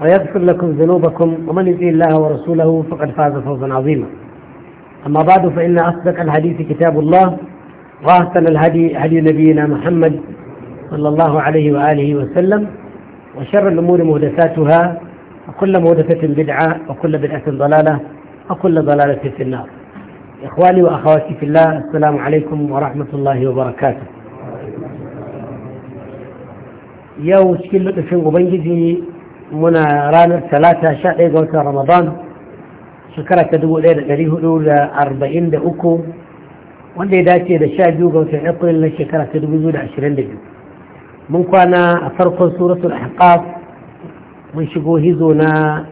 ويغفر لكم ذنوبكم ومن يطع الله ورسوله فقد فاز فوزا عظيما أما بعد فإن أصدق الحديث كتاب الله وأحسن الهدي هدي نبينا محمد صلى الله عليه وآله وسلم وشر الأمور مهدساتها وكل مهدسة بدعة وكل بدعة ضلالة وكل ضلالة في النار إخواني وأخواتي في الله السلام عليكم ورحمة الله وبركاته يا شكل في وبنجزي muna ranar talata sha ɗaya ga watan ramadan shekara ta dubu ɗaya da ɗari hudu da arba'in da uku wanda ya dace da sha biyu ga watan april na shekara ta dubu biyu da ashirin da biyu mun kwana a farkon suratul ahqaf mun shigo hizo na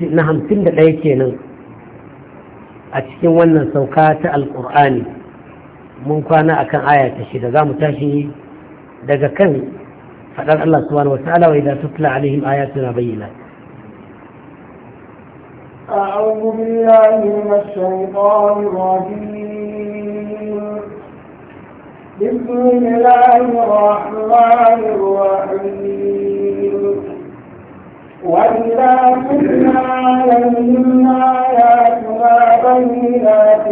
na hamsin da ɗaya kenan a cikin wannan sauka ta alƙur'ani mun kwana akan aya ta shida za mu tashi daga kan فقال الله سبحانه وتعالى وإذا تتلى عليهم آياتنا بينات أعوذ بالله من الشيطان الرجيم بسم الله الرحمن الرحيم وإذا تتلى عليهم آياتنا بينات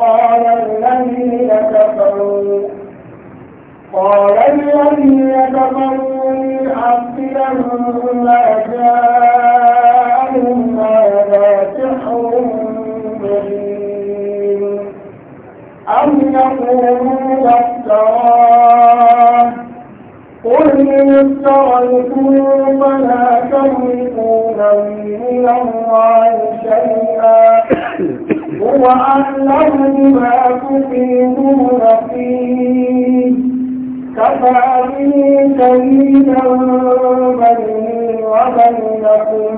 قال الذين كفروا قال الذين كفروا من حق ما جاءهم هذا سحر مبين أم يقولون افتراه قل إن افتريتم فلا تملكون من الله شيئا هو أعلم بما تفيدون فيه كفعلي سيدا بني وبينكم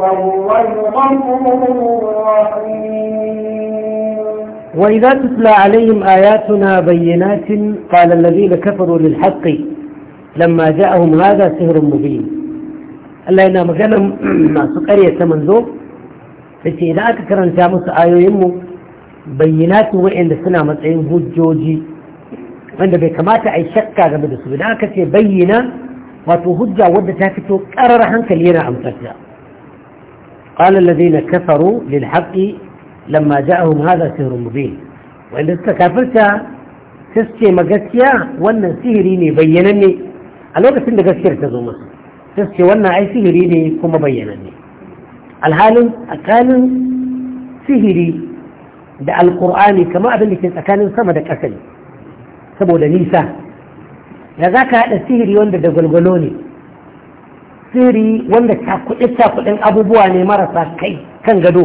وهو الغفور الرحيم وإذا تتلى عليهم آياتنا بينات قال الذين كفروا للحق لما جاءهم هذا سهر مبين ألا إنا مجانا ما سكرية منذو فإذا أكثر أن تعمل سآيو يمو بينات وإن السلامة مسعين هو الجوجي wanda bai kamata a yi shakka game da su idan aka ce bayyana wato hujja wadda ta fito karar hankali yana amsarta قال الذين كفروا للحق لما جاءهم هذا سهر مبين وإن استكافرت تسكي مقسيا وأن سهريني بينني الوقت عندك السهر تزوم تسكي وأن أي سهريني كما بينني الحال أكان سهري da alkur'ani kama abin da ke tsakanin sama da ƙasari saboda nisa ya za ka haɗa sihiri wanda da gwalgwalo ne sihiri wanda cakuɗe-cakuɗen abubuwa ne marasa kai kan gado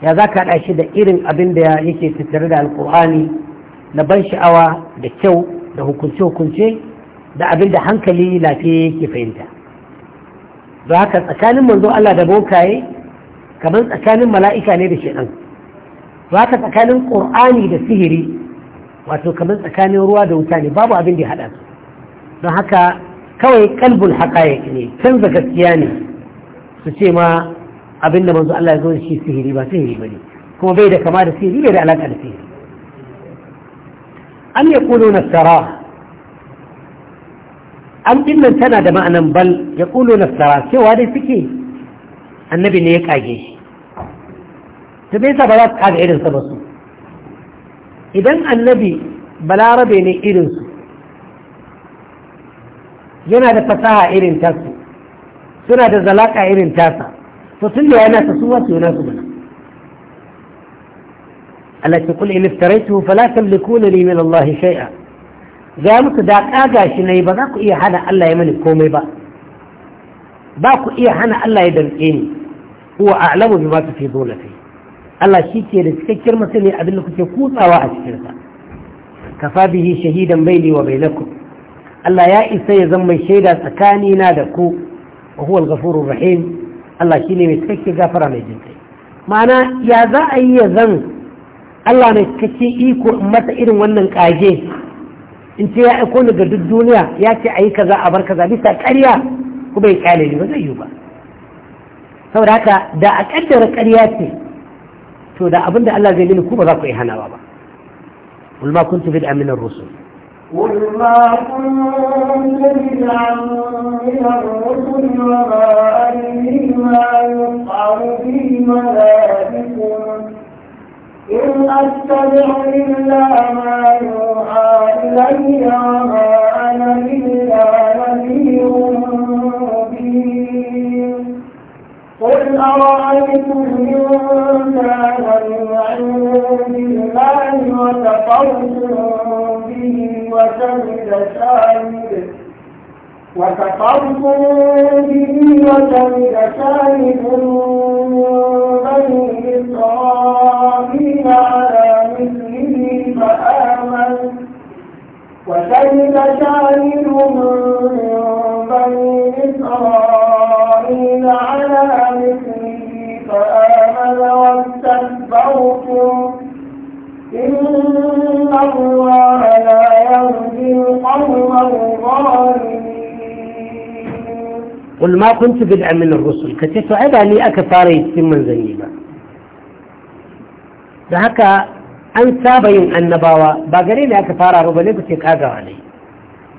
ya za ka haɗa shi da irin abin da yake tattare da alkur'ani na ban sha'awa da kyau da hukunce-hukunce da abin da hankali lafiya yake fahimta don haka tsakanin manzo Allah da bokaye kamar tsakanin mala'ika ne da shaɗan don haka tsakanin ƙur'ani da sihiri wato kamar tsakanin ruwa da wuta ne babu abin da ya haɗa su don haka kawai kalbul haƙaƙi ne canza gaskiya ne su ce ma abin da manzo Allah ya zo da shi sihiri ba sihiri ba ne kuma bai da kama da sihiri bai da alaƙa da sihiri an ya kulo na tsara an dinnan tana da ma'anan bal ya kulo na tsara cewa dai suke annabi ne ya kage shi ta bai sa ba za su kaga irin sa ba su idan annabi balarabe ne irinsu yana da fasaha irin tasu suna da zalaka irin tasa to tun da yana ta suwa su yana su bana Allah ta kula in iftaraitu fala tamlikuna li min Allah shai'a ga muku da kaga shi na yi ba za ku iya hana Allah ya mani komai ba ba ku iya hana Allah ya danke ni huwa a'lamu bima tufiduna fi Allah shi ke da cikakkiyar masani abin da kuke kutsawa a cikinsa kafa bihi shahidan baili wa bainakum Allah ya isa ya zama shaida tsakani na da ku wa huwa al-ghafurur rahim Allah shine mai cikakke gafara mai jin kai ma'ana ya za a yi ya zan Allah ne cikakke iko in mata irin wannan kage in ce ya aiko ni ga duk duniya ya ce a yi kaza a bar kaza bisa ƙarya ku bai kyale ni ba zai yi ba saboda haka da a ƙaddara ƙarya ce to da abinda Allah zai mini ku ba za ku yi hanawa قل ما كنت بدعا من الرسل قل ما كنت بدعا من الرسل وما أدري ما يفعل في ملائكم إن أتبع إلا ما يوحى إلي وما أنا إلا نذير قل أرأيتم عند به وشهد شاهد به وشهد شاهد من بني إسرائيل على مثله فآمن وشهد شاهد من بني إسرائيل قل ما كنت بدعا من الرسل كتيت عبا لي أكفاري سمن زنيبا ذهك أن بين النبوة باقرين أكفارا ربني قلت يك علي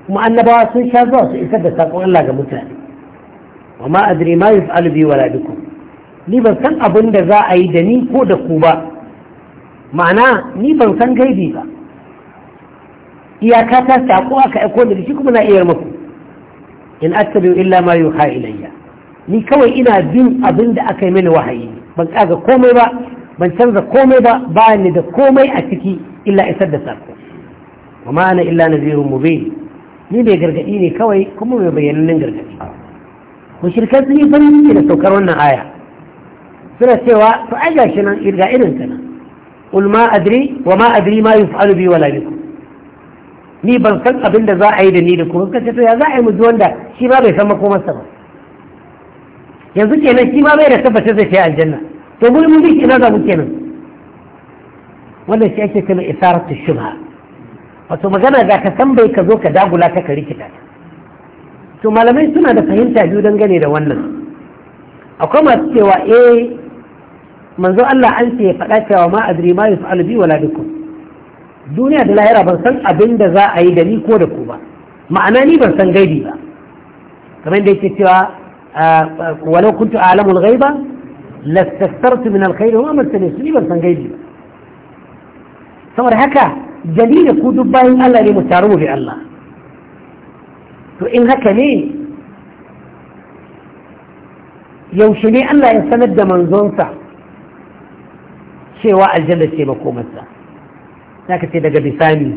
وما النباوة سنشاذوا سيسد ساقوا الله كمتاني وما أدري ما يفعل بي ولا بكم ni ban san abin da za a yi da ni ko da ku ba ma'ana ni ban san gaibi ba iyaka ta sako aka aiko da shi kuma na iya muku in attabi illa ma yuha ilayya ni kawai ina bin abin da aka yi mini wahayi ban kaga komai ba ban canza komai ba ba ni da komai a ciki illa isar da sako wa ma'ana illa nazirun mubin ni mai gargadi ne kawai kuma mai bayyananin gargadi mushrikan sun yi farin ciki da saukar wannan aya suna cewa su ai gashi nan irga irin ta nan ul ma adri wa ma adri ma yuf'alu bi wala bikum ni ban san abin da za a yi da ni da ku kace to ya za a yi mu wanda shi ba bai san makomarsa ba yanzu kenan shi ma bai da tabbata zai kai aljanna to mun mun bi ina za mu kenan wannan shi ake kana isaratu shubha wato magana da ka san bai ka zo ka dagula ta ka rikita to malamai suna da fahimta biyu dangane da wannan akwai masu cewa eh manzo Allah an ce faɗa cewa ma adri ma yus'alu bi wala bikum duniya da lahira ban san abin da za a yi da ni ko da ku ba ma'ana ni ban san gaibi ba kamar da yake cewa walau kuntu a'lamu al-ghaiba lastastartu min al-khair wa ma masani ni ban san gaibi ba saboda haka jali da ku duk bayan Allah ne mu taru mu bi Allah to in haka ne yaushe ne Allah ya sanar da manzonsa cewa aljanna ce makomarsa za ka ce daga bisani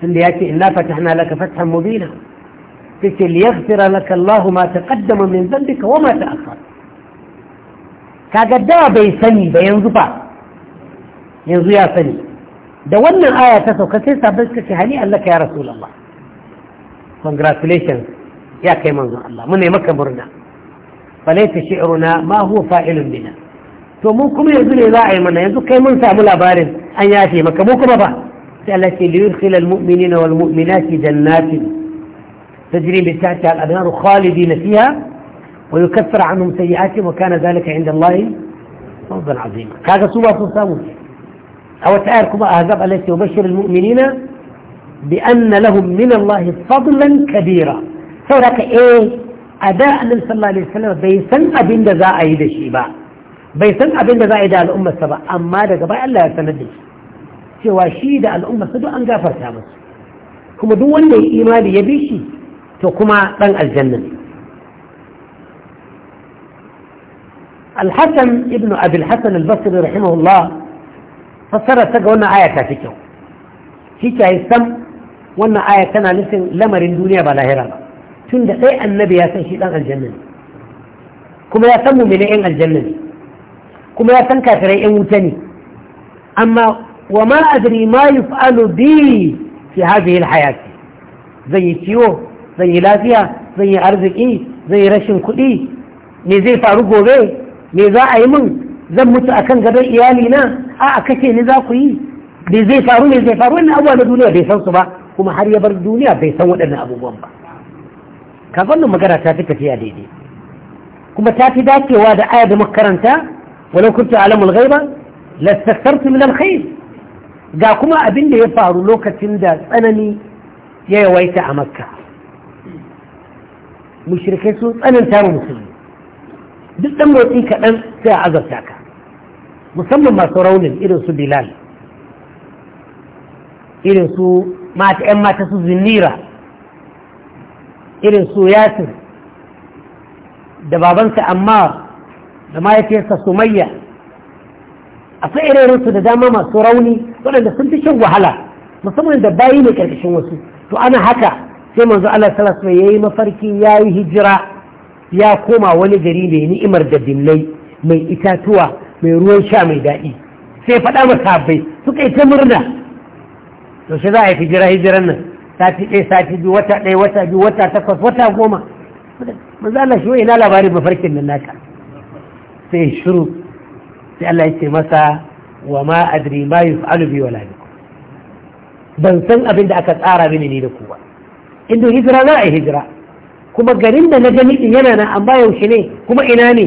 tunda ya ce inna fatahna laka fathan mubina sai ce liyaghfira laka Allahu ma taqaddama min dhanbika wa ma ta'akhkhara kaga da bai sani ba yanzu ba yanzu ya sani da wannan aya ta sauka sai sabon suka ce hani Allah ka ya rasulullah congratulations ya kai manzon Allah mune maka murna falaita shi'runa ma huwa fa'ilun bina to mu kuma yanzu ne za a yi mana yanzu kai mun samu labarin an yafe maka mu kuma ba sai Allah ce liyur khilal mu'minina wal mu'minati jannatin tajri bi tahtiha al anhar khalidina fiha wa yukaffir anhum sayi'ati wa kana dhalika 'inda Allah fawzan 'azima kaga su ba sun samu aw ta'ar kuma ahzab Allah bashir al mu'minina bi anna lahum min Allah fadlan kabira saboda ka eh a da annabi sallallahu alaihi wasallam bai san abin da za a yi da shi ba bai san abin da za a yi da al'ummarsa ba amma daga bayan Allah ya sanar cewa shi da al'ummarsa duk an gafarta masu kuma duk wanda ya yi imani ya bi shi to kuma ɗan aljanna ne alhassan ibn abil hassan albasiri rahimahullah fassara ta ga wannan aya ta fi kyau shi ke yi sam wannan aya tana nufin lamarin duniya ba lahira ba tunda sai annabi ya san shi dan aljanna kuma ya san mumini ɗan aljanna ne kuma ya san kafirai yan wuta ne amma wa ma adri ma yuf'alu bi fi hadhihi alhayati zan yi ciwo zan yi lafiya zan yi arziki zan yi rashin kuɗi me zai faru gobe me za a yi mun? zan mutu akan gadon iyali na a a kace ni za ku yi me zai faru me zai faru wannan abubuwa na duniya bai san su ba kuma har ya bar duniya bai san waɗannan abubuwan ba ka magana ta fi tafiya daidai kuma ta fi dacewa da aya da makaranta walau kuntu alamul ghaiba lastakartu min alkhair ga kuma abin da ya faru lokacin da tsanani ya yawaita a makka mushrikai sun tsananta mu musulmi duk dan motsi kaɗan sai a azabta ka musamman masu raunin irin su bilal irin su mata 'yan mata su zinnira irin su yasir da babansa amma da mahaifiyarsa sumayya akwai irin su da dama masu rauni waɗanda sun fi shan wahala musamman da bayi ne karkashin wasu to ana haka sai manzo Allah sallallahu alaihi yayi mafarki yayi hijira ya koma wani gari mai ni'imar da dillai mai itatuwa mai ruwan sha mai daɗi sai faɗa masabai suka yi ta murna to shi za a yi hijira hijiran nan sati ɗaya sati biyu wata ɗaya wata biyu wata takwas wata goma manzo Allah shi wai ina labarin mafarkin nan naka sai shiru sai Allah ya ce masa wa ma adri ma yuf'alu bi wala ban san abin da aka tsara mini ni da ku ba in hijira za a hijira kuma garin da na gani in yana nan amma yaushe ne kuma ina ne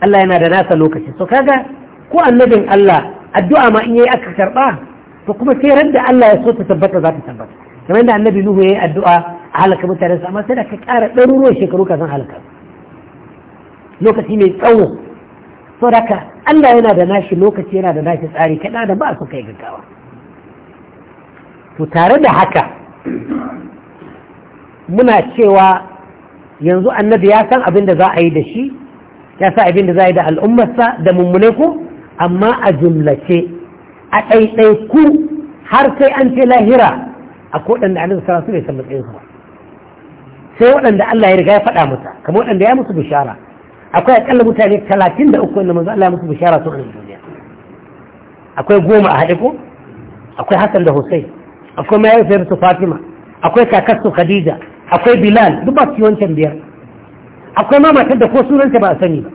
Allah yana da nasa lokaci so kaga ko annabin Allah addu'a ma in yayi aka karba to kuma sai ran da Allah ya so ta tabbata za ta tabbata kamar da annabi Nuhu yayi addu'a a halaka mutane amma sai da ka ƙara ɗaruruwan shekaru kafin halaka lokaci mai tsawo saboda Allah yana da nashi lokaci yana da nashi tsari kaɗa da ba su kai gaggawa to tare da haka muna cewa yanzu annabi ya san abin da za a yi da shi ya san abin da za a yi da al'ummarsa da mummune ku amma a jumlace a ku har sai an ce lahira a da annabi sallallahu alaihi wasallam sai waɗanda Allah ya riga ya faɗa masa kamar waɗanda ya musu bishara akwai akalla mutane talatin da uku wanda manzo Allah ya musu bishara su a duniya akwai goma a haɗe ko akwai Hassan da Hussein akwai mahaifiyar su Fatima akwai kakar Khadija akwai Bilal duk ba su wancan biyar akwai ma matar da ko sunanta ba a sani ba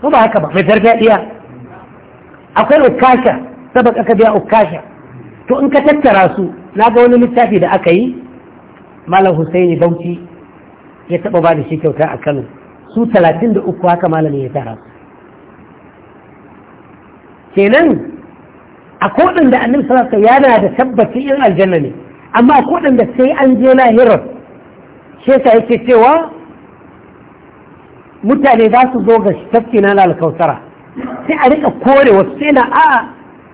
ko ba haka ba mai farfadiya akwai ukasha sabaka aka biya ukasha to in ka tattara su na ga wani littafi da aka yi malam Husaini Bauchi ya taɓa ba da shi kyauta a Kano su talatin da uku haka malamin ya tara kenan a kodin da annabi sallallahu alaihi yana da tabbaci in aljanna ne amma a kodin da sai an je lahirar shi yake cewa mutane za su zo ga tafki na alkautara sai a rika kore wasu sai na a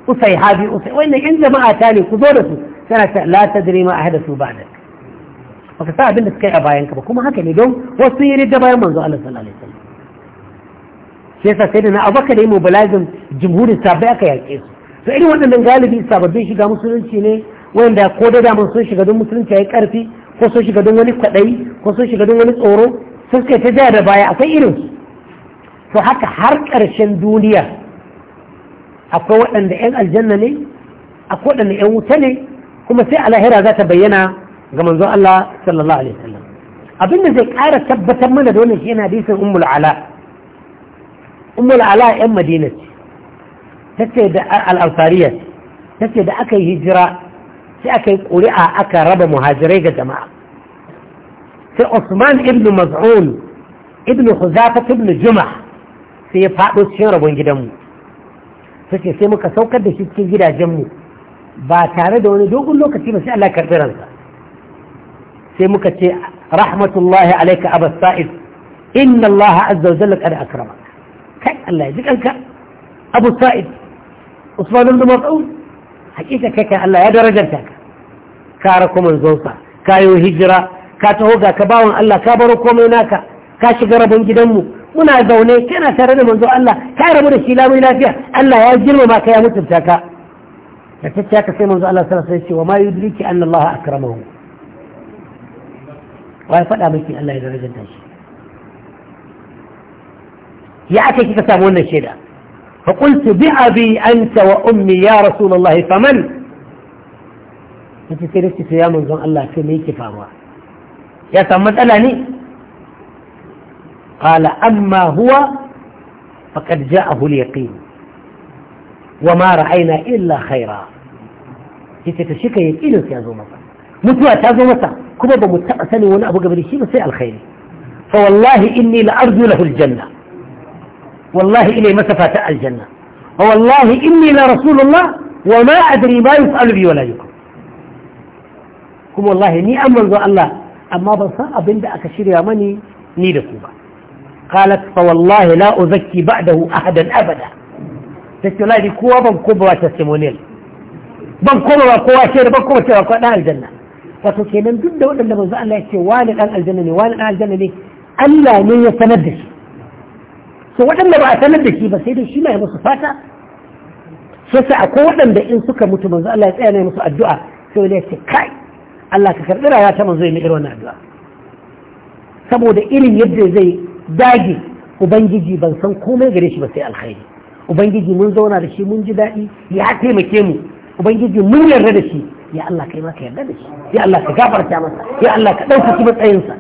usai habi usai wannan yan jama'a ta ne ku zo da su tana ta la tadri ma ahdathu ba'dak baka sa abin da suka yi a bayan ka ba kuma haka ne don wasu sun yi da bayan manzo Allah sallallahu alaihi wasallam shi yasa sai da na abaka da yi mobilizing jumhurin sabai aka yaƙe su to irin waɗannan galibi sababbin shiga musulunci ne wanda ko da daman sun shiga don musulunci yayi karfi ko sun shiga don wani kwaɗayi ko sun shiga don wani tsoro sun kai ta da baya akwai irin to haka har karshen duniya akwai waɗanda 'yan aljanna ne akwai waɗanda 'yan wuta ne kuma sai a lahira za ta bayyana ga manzon Allah sallallahu alaihi wasallam abinda zai ƙara tabbatar mana da wannan shi yana hadisin ummul ala ummul ala yan madina ce tace da al-ansariya tace da aka yi hijira sai aka yi ƙuri'a aka raba muhajirai ga jama'a sai Usman ibn Maz'un ibn Huzafa ibn Jumah sai ya faɗo cikin rabon gidanmu sai sai muka saukar da shi cikin gidajenmu ba tare da wani dogon lokaci ba sai Allah karɓi ransa sai muka ce rahmatullahi alaika abas sa'id inna Allah azza wa jalla qad akrama kai Allah ya jikanka abu sa'id usman ibn mas'ud hakika kai kai Allah ya darajarta ka ka rako manzon sa kayo hijira ka taho ga ka bawon Allah ka baro komai naka ka shiga rabon gidanmu muna zaune kana tare da manzo Allah ka rabu da shi lamun lafiya Allah ya girmama ka ya mutunta ka da tacciya ka sai manzo Allah sallallahu alaihi wasallam ya ce wa ma yudriki anna Allah akramahu wai faɗa miki Allah ya darajanta shi ya ake kika samu wannan shaida fa qultu bi abi anta wa ummi ya rasulullah faman kace sai dai sai ya manzon Allah sai me yake faruwa ya samu matsala ne qala amma huwa faqad ja'ahu al-yaqin wa ma ra'ayna illa khaira kace ta shika yaqinin sai ya zo masa mutuwa ta zo masa kuma ba mu taɓa sani wani abu game da shi ba sai alkhairi fa wallahi inni la arju lahu aljanna wallahi ilai masa fata aljanna wa wallahi inni la rasulullah wa ma adri ma yus'alu bi wala yukum kuma wallahi ni an manzo Allah amma ban san abin da aka shirya mani ni da ku ba qalat fa wallahi la uzakki ba'dahu ahadan abada tace wallahi kowa ban ko ba testimonial ban koma ba kowa shaida ban koma cewa ko dan aljanna wato kenan duk da waɗanda manzo Allah ya ce wani dan aljanna ne wani dan aljanna ne Allah ne ya sanar da shi so waɗanda ba a sanar da shi ba sai dai shi ma ya musu fata sai sai akwai waɗanda in suka mutu manzo Allah ya tsaya ne musu addu'a sai ya ce kai Allah ka karɓi rayuwa ta manzo ya mi irin addu'a saboda irin yadda zai dage ubangiji ban san komai gare shi ba sai alkhairi ubangiji mun zauna da shi mun ji daɗi ya taimake mu ubangiji mun yarda da shi يا الله كلمه يا دبش يا الله كفر يا مس يا الله دوك كيف تعينسا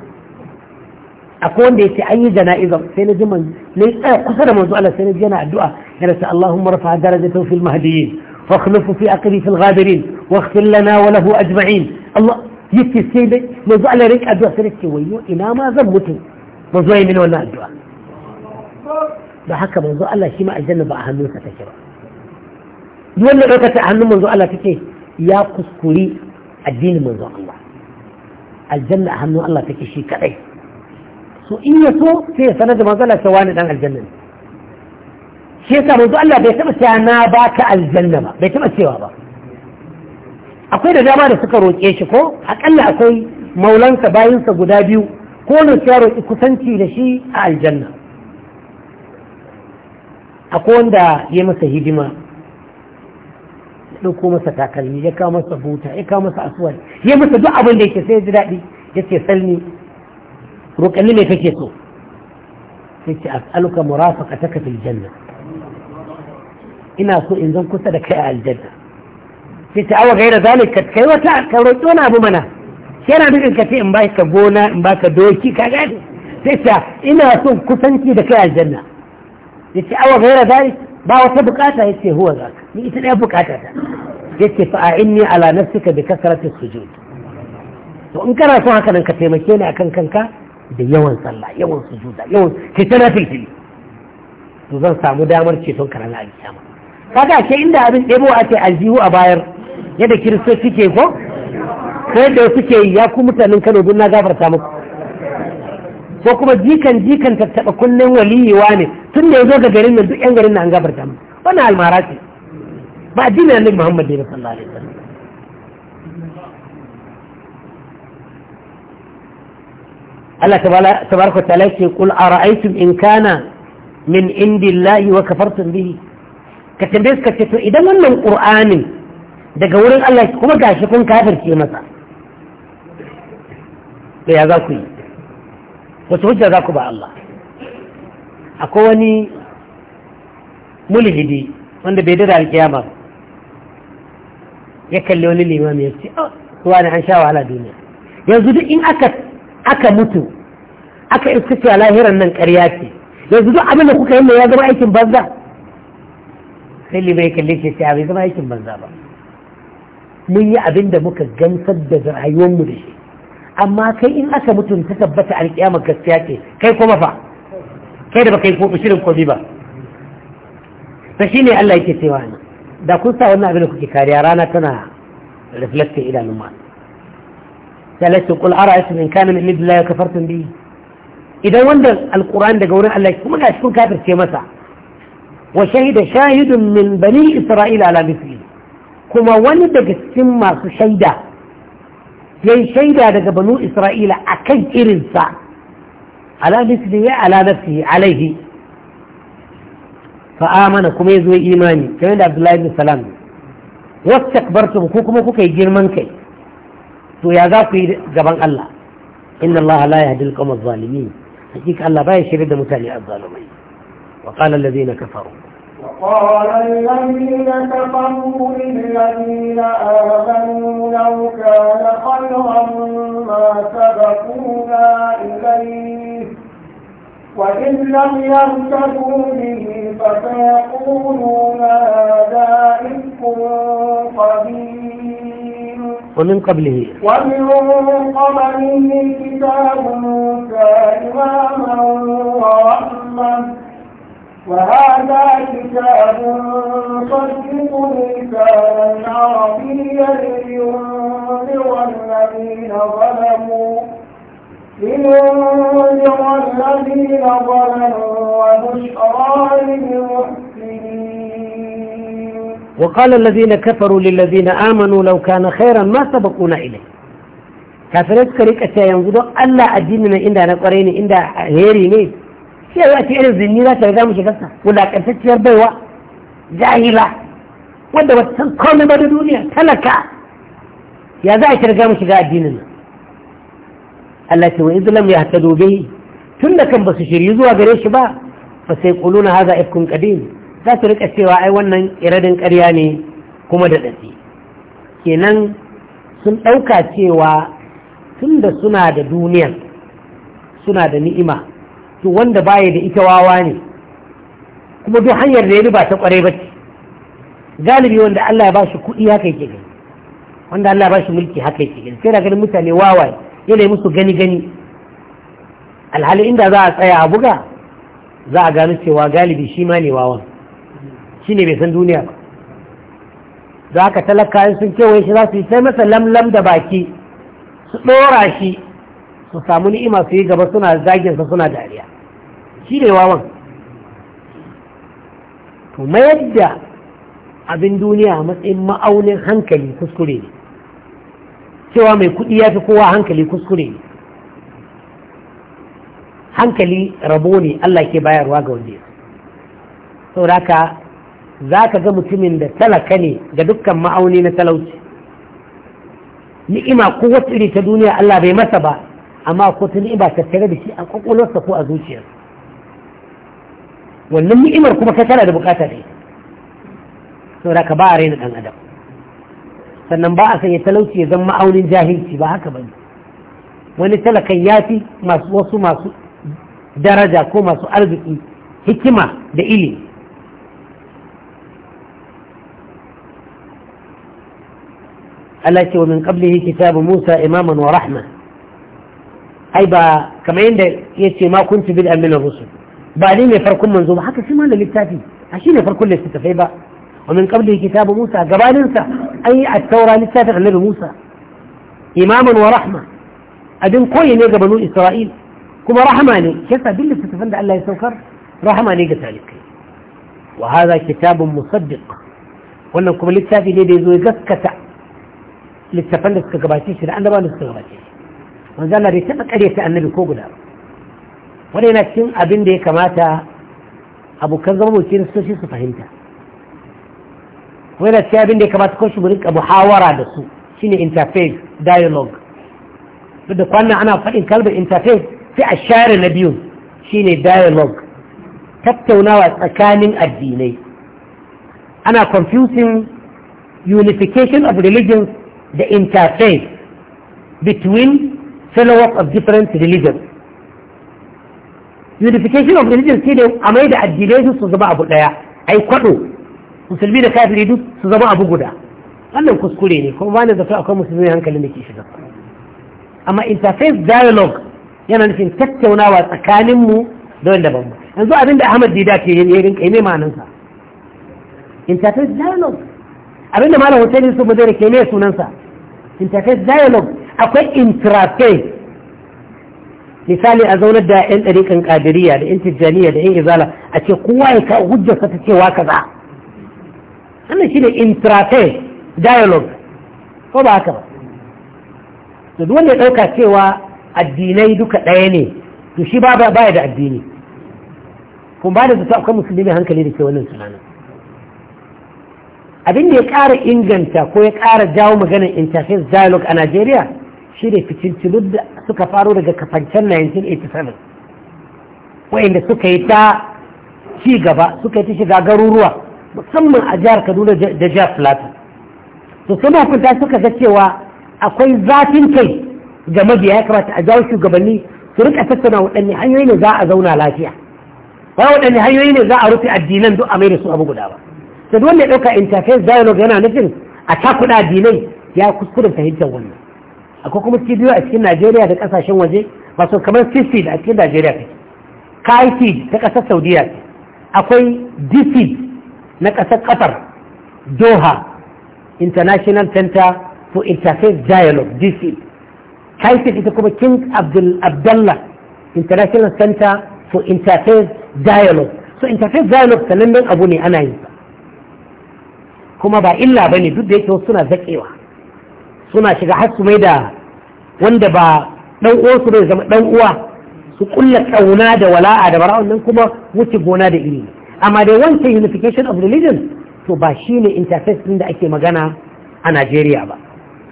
اكون دي تي اي جنائز سنه جمن لي اخر آه، موضوع على سنه جنا الدعاء قال اللهم ارفع درجته في المهديين واخلفه في اقلي في الغادرين واغفر لنا وله اجمعين الله يكي سيبه موضوع على رك الدعاء سنه ويو الى ما زبط موضوع من ولا الدعاء بحكى موضوع الله شي ما اجنب اهميه تكبر يقول لك انه موضوع الله تكيه ya kuskuri addinin manzo Allah aljanna a hannun Allah take shi kadai so in ya so sai ya sanar da manzo Allah cewa ni dan aljanna ne shi yasa manzo Allah bai taba cewa na baka aljanna ba bai taba cewa ba akwai da dama da suka roƙe shi ko akalla akwai maulansa bayinsa guda biyu ko ne ya roƙi kusanci da shi a aljanna akwai wanda ya masa hidima ɗauko masa takalmi ya kawo masa buta ya kawo masa asuwar ya masa duk abin da yake sai ya ji daɗi ya ce salni roƙanni ne kake so sai ce as'aluka murafaka ta kafin janna ina so in zan kusa da kai a aljanna sai ce awa gaira zalika kai wata ka roƙi wani abu mana shi yana nufin ka ce in ba ka gona in ba ka doki ka gane sai ce ina son kusanci da kai a aljanna ya ce awa gaira zalika ba wata bukata ya ce huwa za ka, ni ita ɗaya bukata ta yake fa'a'inni ala nafsika bi su sujud to in kana son haka nan ka taimake ni akan kanka da yawan sallah yawan sujuda yawan ke tana filfili to zan samu damar ceton karana a kiyama kaga ke inda abin ɗebo a ce aljihu a bayar yadda kiristoci ke ko sai da suke yi ya ku mutanen Kano don na gafarta muku ko kuma jikan jikan tattaɓa kunnen waliyewa ne tun da ya zo ga garin nan duk yan garin nan an gafarta muku wannan almara ce ba addinin annabi Muhammad ya sallallahu alaihi wasallam Allah tabaraka wa ta'ala ce kul ara'aytum in kana min indillahi wa kafartum bihi ka tambaye su ka ce to idan wannan qur'anin daga wurin Allah kuma gashi kun kafirce masa to ya za ku yi wasu hujja za ku ba Allah akwai wani mulhidi wanda bai da alkiyama ba ya kalli wani limami ya ce kowa ah, da an sha wahala duniya yanzu duk in aka mutu aka iska cewa lahiran nan ƙarya ce yanzu duk abin da kuka yi ya zama aikin banza sai limai ya kalli ce sai ah, bai zama aikin banza ba mun yi abin da muka gamsar da rayuwarmu da shi amma kai in aka mutu ta tabbata alƙiyama gaskiya ce kai kuma fa kai da baka yi ko bishirin komi ba ta shine Allah yake cewa ne da kun sa wannan abin da kuke kariya rana tana reflecting idanun ma talatin kul ara'aytum in kana min indillahi kafartum bi idan wanda alquran daga wurin Allah kuma ga shi kun kafirce masa wa shahida shahidun min bani isra'ila ala misli kuma wani daga cikin masu shaida yayi shaida daga banu isra'ila akan irinsa ala misli ya ala nafsihi alaihi فآمن كميز يزوي إيماني عبد الله بن سلام واستكبرتم كوكما كوكي جرمان كي تو يغاكو جبان الله إن الله لا يهدي القوم الظالمين حقيقة الله باي شرد متالي الظالمين وقال الذين كفروا وقال الذين كفروا للذين آمنوا لو كان خيرا ما سبقونا إليه وإن لم يهتدوا به فسيقولون هذا إفك قديم ومن قبله ومن قبله كتاب موسى إماما ورحمة وهذا كتاب صدق لسانا عربيا لينذر الذين ظلموا وقال الذين كفروا للذين آمنوا لو كان خيرا ما سبقونا إليه كافرات كريكة ينظروا ألا أديننا إندا نقرين إندا هيري ني شيء يأتي إلى الزنينة تلقى مشكلتها ولا كنتك يربيوة جاهلة وده وستنقوم بالدنيا تلك يا ذاك تلقى مشكلة أديننا Allah ce wa izlam ya ta dobe tun da kan ba su shiryu zuwa gare shi ba fa sai kuluna haza ifkun qadim za su rika cewa ai wannan iradin ƙarya ne kuma da dadi kenan sun ɗauka cewa tun da suna da duniya suna da ni'ima to wanda baya da ita wawa ne kuma duk hanyar da ya ba ta kwarai ba galibi wanda Allah ya ba shi kuɗi haka yake gani wanda Allah ya ba shi mulki haka yake gani sai da ganin mutane wawaye Yanayi musu gani gani alhali inda za a tsaya a buga za a gano cewa galibi shi ma ne wawan shi ne bai san duniya ba za ka talaka sun kewaye shi za su yi sai masa lamlam da baki su ɗora shi su samu ni'ima su yi gaba suna zaginsa suna dariya shi ne wawan to mayar da abin duniya a matsayin ma'aunin hankali kuskure ne cewa mai kuɗi ya fi kowa hankali kuskure ne hankali rabo ne Allah ke bayarwa ga wanda ya saboda haka za ka ga mutumin da talaka ne ga dukkan ma'auni na talauci ni'ima ko wata iri ta duniya Allah bai masa ba amma ko ta ni'ima ta tare da shi a kwakwalwarsa ko a zuciyar wannan ni'imar kuma ka tana da bukata ne da ka ba a raina dan adam sannan ba a sanya talauci ya zama ma'aunin jahilci ba haka bane wani talakan ya fi wasu masu daraja ko masu arziki hikima da ilimi Allah ce wa min qablihi kitabu Musa imaman wa rahma ai ba kamar yadda ce ma kunti bid'an min rusul ba ni ne farkon manzo ba haka shi ma da littafi a shi ne farkon da littattafai ba ومن قبله كتاب موسى قبال انسى أي التوراة لسافر النبي موسى إماما ورحمة أدن قوي نيجا بنو إسرائيل كما رحماني كيف بالله ستفند الله يسوكر رحماني قتالك وهذا كتاب مصدق wannan kuma littafi ne da ya zo ya gaskata littafan da suka gabace shi da annabawan da suka gabace shi manzo Allah bai taɓa ƙaryata annabi ko guda ba yana cikin abin da ya kamata abokan zama mu kiristoci su fahimta Wai da cikin abin da ya kamata kun shi mu rinka muhawara da su shine interfaith dialogue duk da kwanan ana faɗin kalmar interfaith sai a share na biyu shine dialogue tattaunawa tsakanin addinai ana confusing unification of religions da interfaith between followers of different religions unification of religions shine a mai da addinai su zama abu ɗaya ai kwaɗo musulmi da kafiri duk su zama abu guda wannan kuskure ne kuma bani zafi akwai musulmi hankalin da ke shiga amma interface dialogue yana nufin tattaunawa tsakaninmu da wanda ban yanzu abin da Ahmad Dida ke yin yayin kai ne ma'anar sa interface dialogue abin da Malam Hussein Yusuf Madara ke ne sunan sa interface dialogue akwai interface misali a zaunar da 'yan ɗariƙan ƙadiriya da 'yan tijjaniya da 'yan izala a ce kowa ya kawo hujjarsa ta cewa kaza wannan ne intraday dialogue ko ba haka ba to duk wanda ya dauka cewa addinai duka ɗaya ne to shi ba ya da addini kuma ba da zata akwai musulmi hankali da ke wannan tunanin abin da ya ƙara inganta ko ya ƙara jawo maganar interface dialogue a Najeriya shi ne fitilcilu da suka faro daga kafancen 1987 wa'inda suka yi ta ci gaba suka yi ta shiga garuruwa musamman a jihar kaduna da jihar plateau to sai mahukunta suka ga cewa akwai zafin kai ga mabiya ya kamata a jawo shugabanni su rika tattauna waɗanne hanyoyi ne za a zauna lafiya ba waɗanne hanyoyi ne za a rufe addinan duk a mai da su abu guda ba to duk wanda ya ɗauka interface dialogue yana nufin a takuɗa addinai ya kuskuren fahimtar wannan akwai kuma studio a cikin najeriya da kasashen waje ba su kamar sisi da a cikin najeriya kai ta ƙasar saudiya akwai disid na ƙasar ƙasar doha international center for interfaith dialogue dc haifin ita kuma king abdullah international center for interfaith dialogue so interfaith dialogue sanannen abu ne ana yin kuma ba illa ba ne duk da yake suna zaƙewa suna shiga har su mai da wanda ba ɗan uwansu bai zama ɗan uwa su ƙulla ƙauna da wala'a da bara'un nan kuma wuce gona da iri amma dai wancan unification of religion to ba shi ne interface ɗin da ake magana a Najeriya ba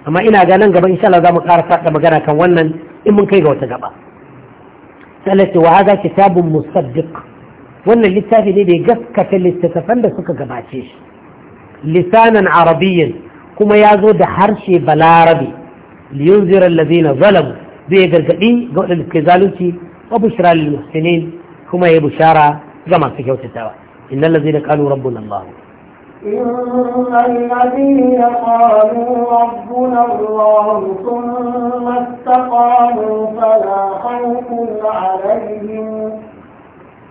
amma ina ga gaba insha Allah za mu ƙara faɗa magana kan wannan in mun kai ga wata gaba sallati wa kitabun musaddiq wannan littafi ne da ya gaskata littattafan da suka gabace shi lisanan arabiyyan kuma ya zo da harshe balarabi liyunzira allazina zalamu zai gargadi ga wadanda suke zalunci wa bushra lil muhsinin kuma ya bushara في masu kyautatawa إن الذين قالوا ربنا الله إن الذين قالوا ربنا الله ثم استقاموا فلا خوف عليهم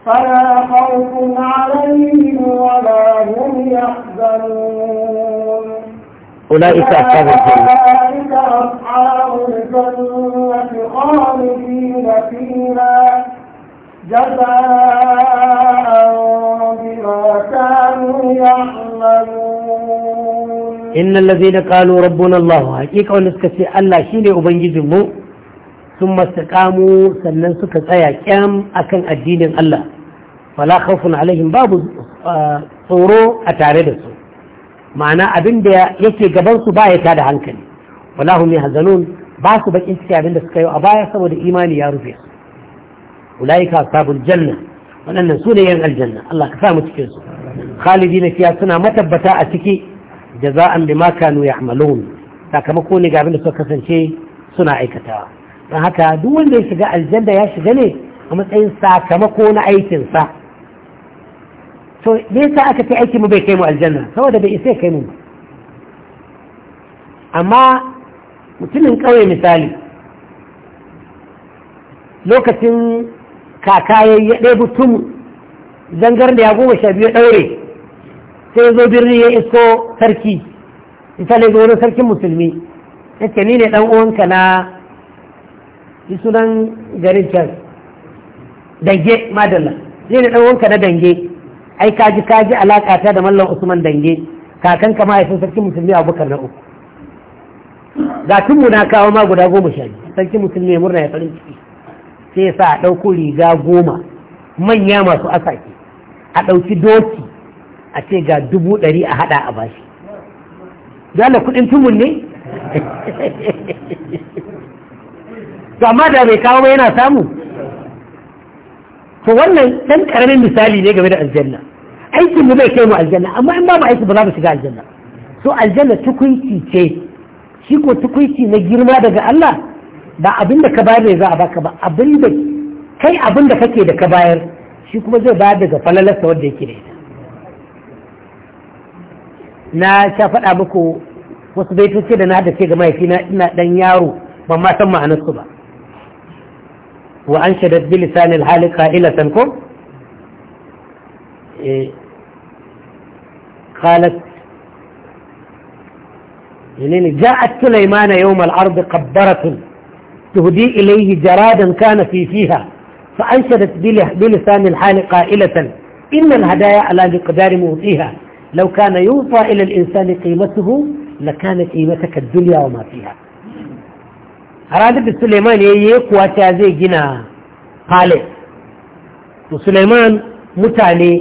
فلا خوف عليهم ولا هم يحزنون أولئك أصحاب الجنة أولئك أصحاب الجنة خالدين فيها جزاء بما كانوا يعملون إن الذين قالوا ربنا الله حقيقة ونسكسي الله شيني أبنجزمه ثم استقاموا سنن سكا tsaya كام akan الدين الله فلا خوف عليهم باب tsoro a tare da su ma'ana abin da yake gabansu ba ya da hankali wala hum yahzanun ba su bakin ciki abin da suka yi a baya saboda imani ya rufe su ulaika ashabul janna wannan su ne yan aljanna Allah ka sa mu cikin su khalidina fiya suna matabbata a ciki jaza'an bima kanu ya'malun sakamako ne ga abin da suka kasance suna aikatawa don haka duk wanda ya shiga aljanna ya shiga ne a matsayin sakamako na aikinsa to me yasa aka ce aiki mu bai kai mu aljanna saboda bai isa kai mu ba amma mutumin ƙauye misali lokacin kaka ya ɗebi tun zangar da ya goma sha biyu ɗaure sai ya zo birni ya iso sarki ita ne zo wani sarkin musulmi ya ce ni ne ɗan uwanka na sunan garin can dange madalla ni ne ɗan uwanka na dange ai kaji kaji alaƙa ta da mallan usman dange kakan kama ya sarkin musulmi bukar na uku ga tun mu na kawo ma guda goma sha biyu sarkin musulmi ya murna ya farin ciki sai sa a ɗauko riga goma manya masu asaki a ɗauki doki a ce ga dubu ɗari a haɗa a bashi dole kuɗin tumun ne to amma da bai kawo ba yana samu to wannan ɗan ƙaramin misali ne game da aljanna aikin mu zai kai mu aljanna amma in babu aiki ba za mu shiga aljanna so aljanna tukunci ce shi ko tukunci na girma daga Allah ba abin da ka bayar ne za a baka ba abin da kai abin da kake da ka bayar shi kuma zai bayar daga falalarsa wanda yake da ita na sha faɗa muku wasu baitoci da na da ce ga mahaifina ina ɗan yaro ban ma san ma'anarsu ba wa an shadat bi lisanil hali qa'ila sanko قالت يعني جاءت سليمان يوم الأرض قبرة تهدي إليه جرادا كان في فيها فأنشدت بلسان الحال قائلة إن الهدايا على مقدار موطيها لو كان يوصى إلى الإنسان قيمته لكان قيمتك الدنيا وما فيها أرادت سليمان يقوى تازي جنا قال سليمان متاني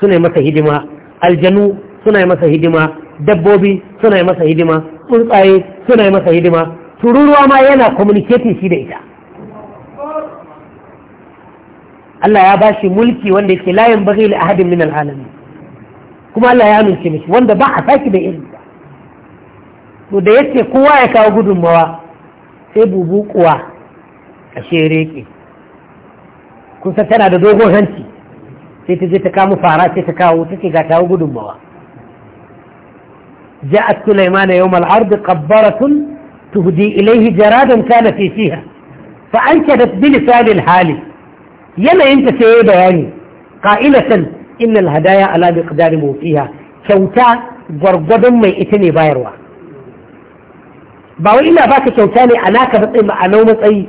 سنة مسا هدما الجنو سنة مسا هدما دبوبي سنة مسا هدما قلطاي سنة مسا هدما tururuwa ma yana communicating shi da ita Allah ya ba shi mulki wanda yake layin bari li ahadin min alalamin kuma Allah ya nunce mishi wanda ba a saki da irin to da yace kowa ya kawo gudunmawa sai bubu kuwa a shereke kusa tana da dogon hanci sai ta je ta kama fara sai ta kawo ta ce ga kawo gudunmawa ja'at sulaimana yawmal ardi qabbaratun تهدي إليه جرادا كان في فيها فأنكدت بلسان الحال يما أنت سيئ بياني قائلة إن الهدايا على مقدار موتيها kyauta gwargwadon mai ita ne bayarwa ba wai ina baka kyauta ne a naka matsayi ma'anau matsayi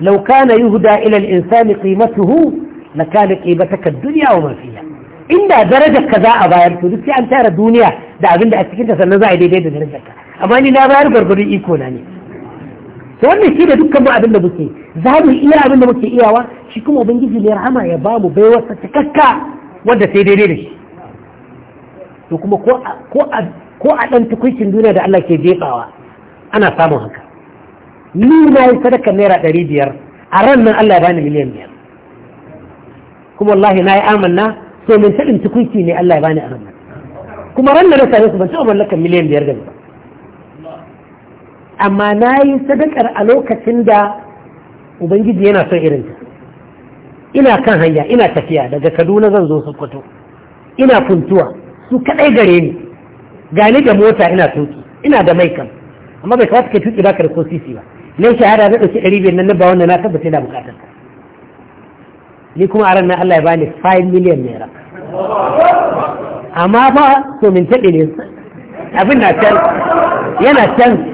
lauka na yuhda ila al-insani qimatuhu la kana qimataka ad-dunya wa ma fiha inda darajar ka za a bayar to duk sai an tara duniya da abinda a cikin ta sannan za a daidai da darajar amma ni na bayar gwargwaron iko na ne to wannan shi da dukkan mu abin da muke za mu iya abin da muke iyawa shi kuma ubangiji ne rahama ya ba mu baiwar sa cikakka wanda sai daidai da shi to kuma ko a ko a ɗan tukuncin duniya da Allah ke jefawa ana samun haka ni na yi sadaka naira ɗari biyar a ran nan Allah ya bani miliyan biyar kuma wallahi na yi amanna so min taɗin tukunci ne Allah ya bani a ran nan kuma ran nan na same su ban taɓa mallakar miliyan biyar da ba amma na yi sadakar a lokacin da ubangiji yana son irinta ina kan hanya ina tafiya daga kaduna zan zo sokoto ina funtuwa su kadai gare ni gani da mota ina tuki ina da mai kan amma bai kawata suke tuki baka da ko sisi ba nan shahara na ɗauki ɗari biyar nan na ba wanda na tabbata yana bukatar ni kuma a ran nan Allah ya bani 5 million naira amma fa to min taɗe ne abin na can yana can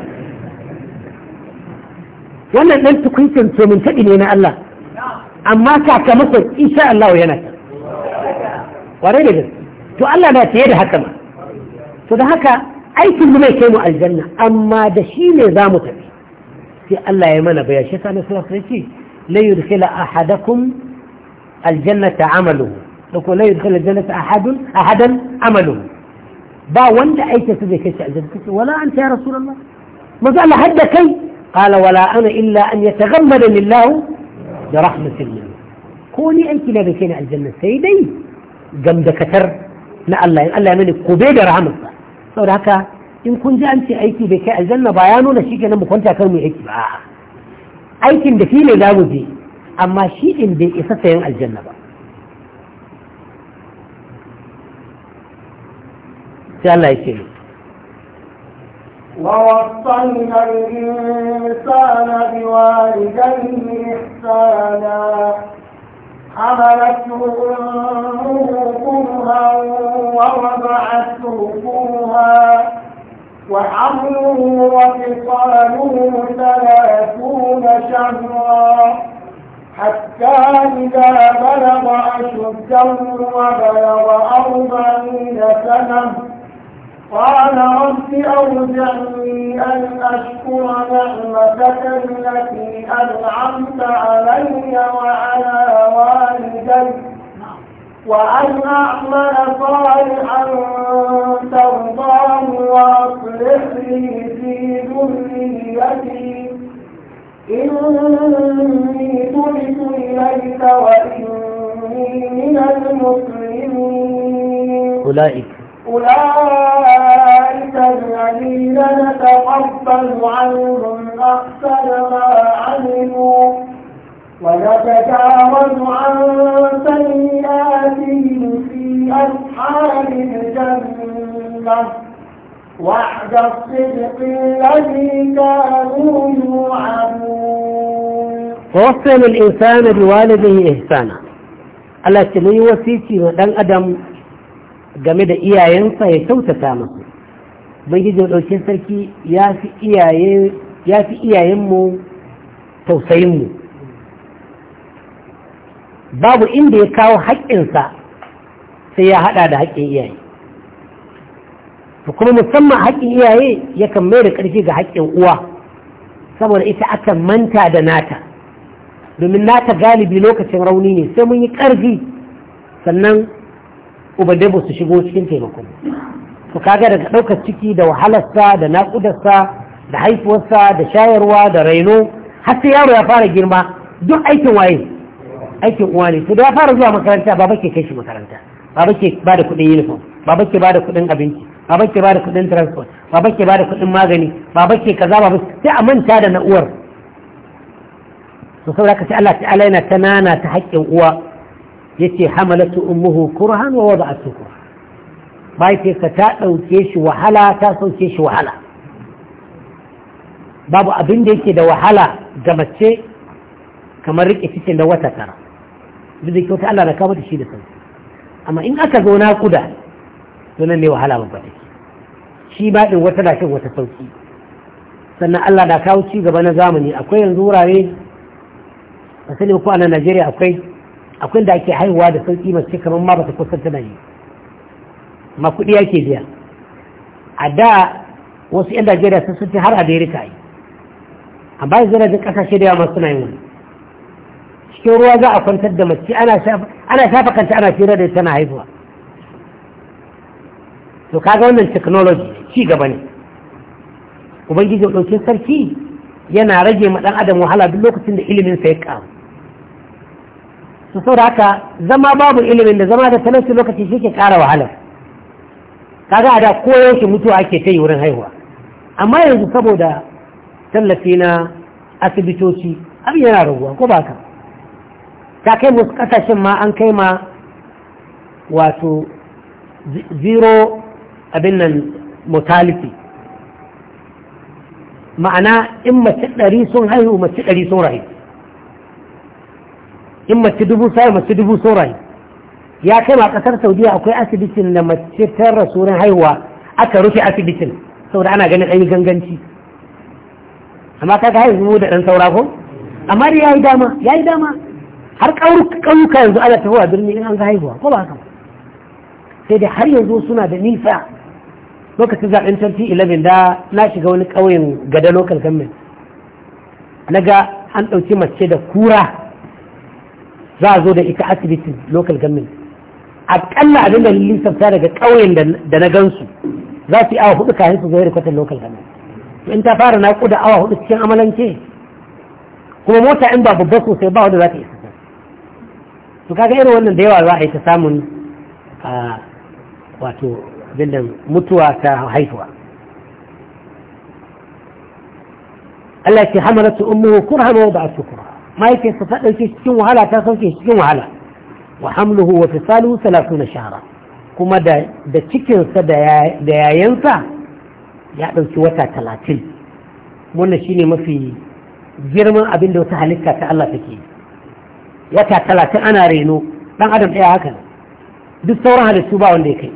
wannan ɗan tukuncin to min taɗi ne na Allah amma sakamakon insha Allah yana ta ware da gaske to Allah na fiye da haka ma to da haka aikin mu mai kai mu aljanna amma da shi ne za mu tafi sai Allah ya mana bayan shi sanin sura ta ce la yudkhila ahadakum aljannata amaluhu da ko la yudkhila aljannata ahadun ahadan amaluhu ba wanda aikin su zai kai shi aljanna wala anta ya rasulullah maza Allah hadda kai قال ولا أنا إلا أن يتغمدني الله برحمة الله كوني أنت لا بشين الجنة سيدي جمد كتر لا الله الله مني قبيل رحمة sau da haka in kun ji an ce aiki bai kai aljanna ba ya nuna shi kenan mu kwanta kan mu aiki ba aikin da je amma shi din bai isa sayan aljanna ba sai Allah ya ce ووصينا الإنسان بوالديه إحسانا حملته أمه كرها ووضعته كرها وحمله وفصاله ثلاثون شهرا حتى إذا بلغ أشده وبلغ أربعين سنة قال رب أوجعني أن أشكر نعمتك التي أنعمت علي وعلى والدي وأن أعمل صالحا ترضاه وأصلح لي في ذريتي إني تبت إليك وإني من المسلمين أولئك أولئك عنهم أحسن ما ونتجاوز عن سيئاتهم في أصحاب الجنة وعد الصدق الذي كانوا يوعدون ووصل الإنسان بوالده إحسانا Allah ce mun yi أدم wa ɗan adam game da iyayensa ya kyautata masa ubangiji ɗaukin sarki ya fi iyayenmu tausayinmu babu inda ya kawo haƙƙinsa sai ya haɗa da haƙƙin iyaye kuma musamman haƙƙin iyaye yakan mai da ƙarfi ga haƙƙin uwa saboda ita aka manta da nata domin nata galibi lokacin rauni ne sai mun yi ƙarfi sannan ubadai ba su shigo cikin taimakon to kaga daga ɗaukar ciki da wahalarsa da naƙudarsa da haifuwarsa da shayarwa da raino har sai yaro ya fara girma duk aikin waye aikin uwa ne to da ya fara zuwa makaranta baba ke kai shi makaranta baba ke ba da kuɗin uniform baba ke ba da kuɗin abinci baba ke ba da kuɗin transport baba ke ba da kuɗin magani baba ke kaza baba sai a manta da na'uwar to saboda ka sai Allah ta'ala yana tanana ta haƙƙin uwa yace hamalatu ummuhu kurhan wa wada'atu kurhan ka ta ɗauke shi wahala ta sauke shi wahala babu abin da yake da wahala ga mace kamar riƙe cikin da wata tara duk da ta Allah da kawo da shi da sauki amma in aka zo na kuda to nan ne wahala babba take shi ba din wata na wata sauki sannan Allah da kawo ci gaba na zamani akwai yanzu wurare a sani ko a Najeriya akwai akwai da ake haihuwa da sauki mace kamar ma ba ta kusa tana yi ma kuɗi ake biya a da wasu 'yan najeriya sun sun har a yi amma yanzu na jin ƙasashe da yawa suna yin wani cikin ruwa za a kwantar da mace ana shafa kanta ana fira da tana haihuwa to kaga wannan technology ci gaba ne ubangiji ɗauki sarki yana rage ma ɗan adam wahala duk lokacin da ilimin sa ya ƙaru su saboda haka zama babu ilimin da zama da talauci lokaci shi ke ƙara wahalar kaga a da koyaushe mutuwa ake ta yi wurin haihuwa amma yanzu saboda tallafi na asibitoci abin yana raguwa ko ba ka ta kai mu kasashen ma an kai ma wato zero abin nan mortality ma'ana in mace ɗari sun haihu mace ɗari sun rayu in mace dubu sai mace dubu sun rayu ya kai ma kasar saudiya akwai asibitin da mace ta rasurin haihuwa aka rufe asibitin saboda ana ganin ɗanyi ganganci amma kaga haihu da ɗan saura ko amma da yi dama Ya yi dama har ƙauyuka yanzu ana tafiya birni in an ga haihuwa ko ba haka sai dai har yanzu suna da nisa lokacin zaɓen 2011 da na shiga wani ƙauyen gada local government na ga an ɗauki mace da kura za a zo da ita asibitin local government akalla a dinga lissafta daga ƙauyen da na gansu za su yi awa hudu kafin su zai rikwatar local government in ta fara naƙuda awa hudu cikin amalance kuma mota in ba babba sosai ba wanda za ta isa to kaga irin wannan da yawa za a yi ta samun wato bindin mutuwa ta haifuwa Allah ce hamalatu ummu kurhan wa ba'athu kurha mai ke sa ta cikin wahala ta sauke cikin wahala wa hamluhu wa fisaluhu 30 shahra kuma da da cikinsa da yayansa ya ɗauki wata 30 wannan shine mafi girman abin da wata halitta ta Allah take wata 30 ana reno dan adam ɗaya haka duk sauran halittu ba wanda ya kai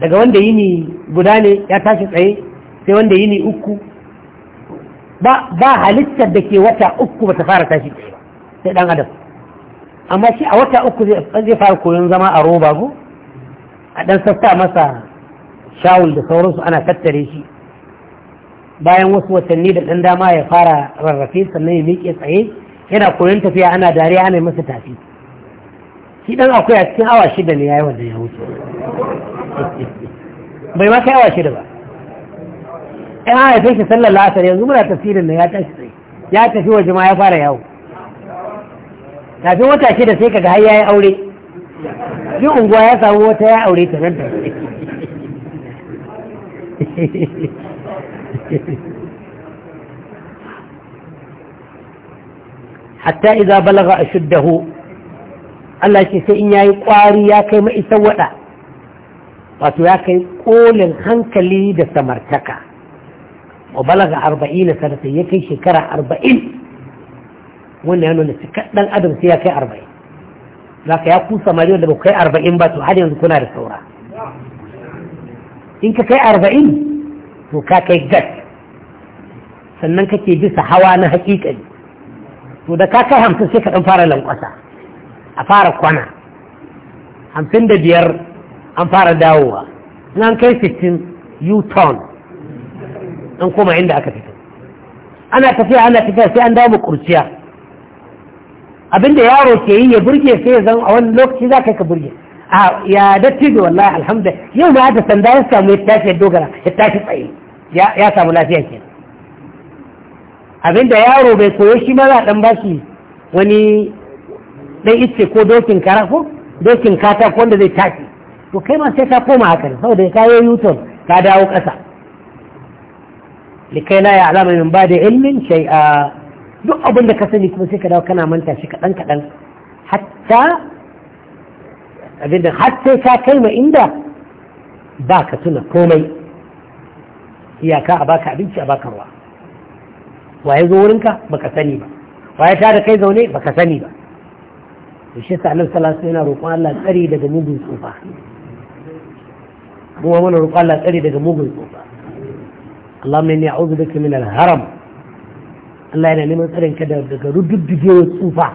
daga wanda yini guda ne ya tashi tsaye sai wanda yini uku ba halittar da ke wata uku ba ta fara tashi tsaye sai dan adam amma shi a wata uku zai fara koyon zama a roba go a ɗan sassa masa shawul da sauransu ana tattare shi bayan wasu watanni da ɗan dama ya fara rarrafe sannan ya miƙe tsaye yana koyon tafiya ana dariya ana masa tafi shi ɗan akwai a cikin awa shida ne ya yi wanda ya wuce bai ma kai awa shida ba ya haife shi sallar la'asar yanzu muna tafsirin da ya tashi tsaye ya tafi waje ma ya fara yawo kafin wata shida sai kaga har yayi aure shi unguwa ya samu wata ya aure ta nan da hatta idza balaga ashuddahu Allah ce sai in yayi kwari ya kai mai sawada wato ya kai kolin hankali da samartaka wa balaga 40 sanata ya kai shekara 40 wannan ya nuna cikar dan adam sai ya kai arba'in za ka ya kusa mari wanda ba kai arba'in ba to har yanzu kuna da saura in ka kai arba'in to ka kai gas sannan kake bisa hawa na hakikali to da ka kai hamsin sai ka dan fara lankwasa a fara kwana hamsin da biyar an fara dawowa nan kai fitin u-turn an koma inda aka fito ana tafiya ana tafiya sai an dawo kurciya abinda yaro ke yi ya burge sai ya zama a wani lokaci za ka ka burge a ya datti da wallahi alhamdulillah yau ma da sanda ya samu ya tashi ya dogara ya tashi tsaye ya samu lafiya ke abinda yaro bai koyo shi ma za dan bashi wani dan itse ko dokin kara ko dokin katako wanda zai tashi to kai ma sai ka koma haka ne saboda ka yi yuton ka dawo ƙasa likai na ya alama min ba da ilmin shay'a duk abin da ka sani kuma sai ka dawo kana manta shi kaɗan kaɗan hatta abin da hatta ka kai ma inda ba ka tuna komai iyaka a baka abinci a baka ruwa waye zo wurinka baka sani ba waye ta da kai zaune baka sani ba to shi sa Allah sallallahu alaihi wasallam roƙon Allah tsari daga mugun tsufa kuma mana roƙon Allah tsari daga mugun tsufa Allahumma inni a'udhu bika min al-haram Allah yana neman tsarin ka daga rududdugewar tsufa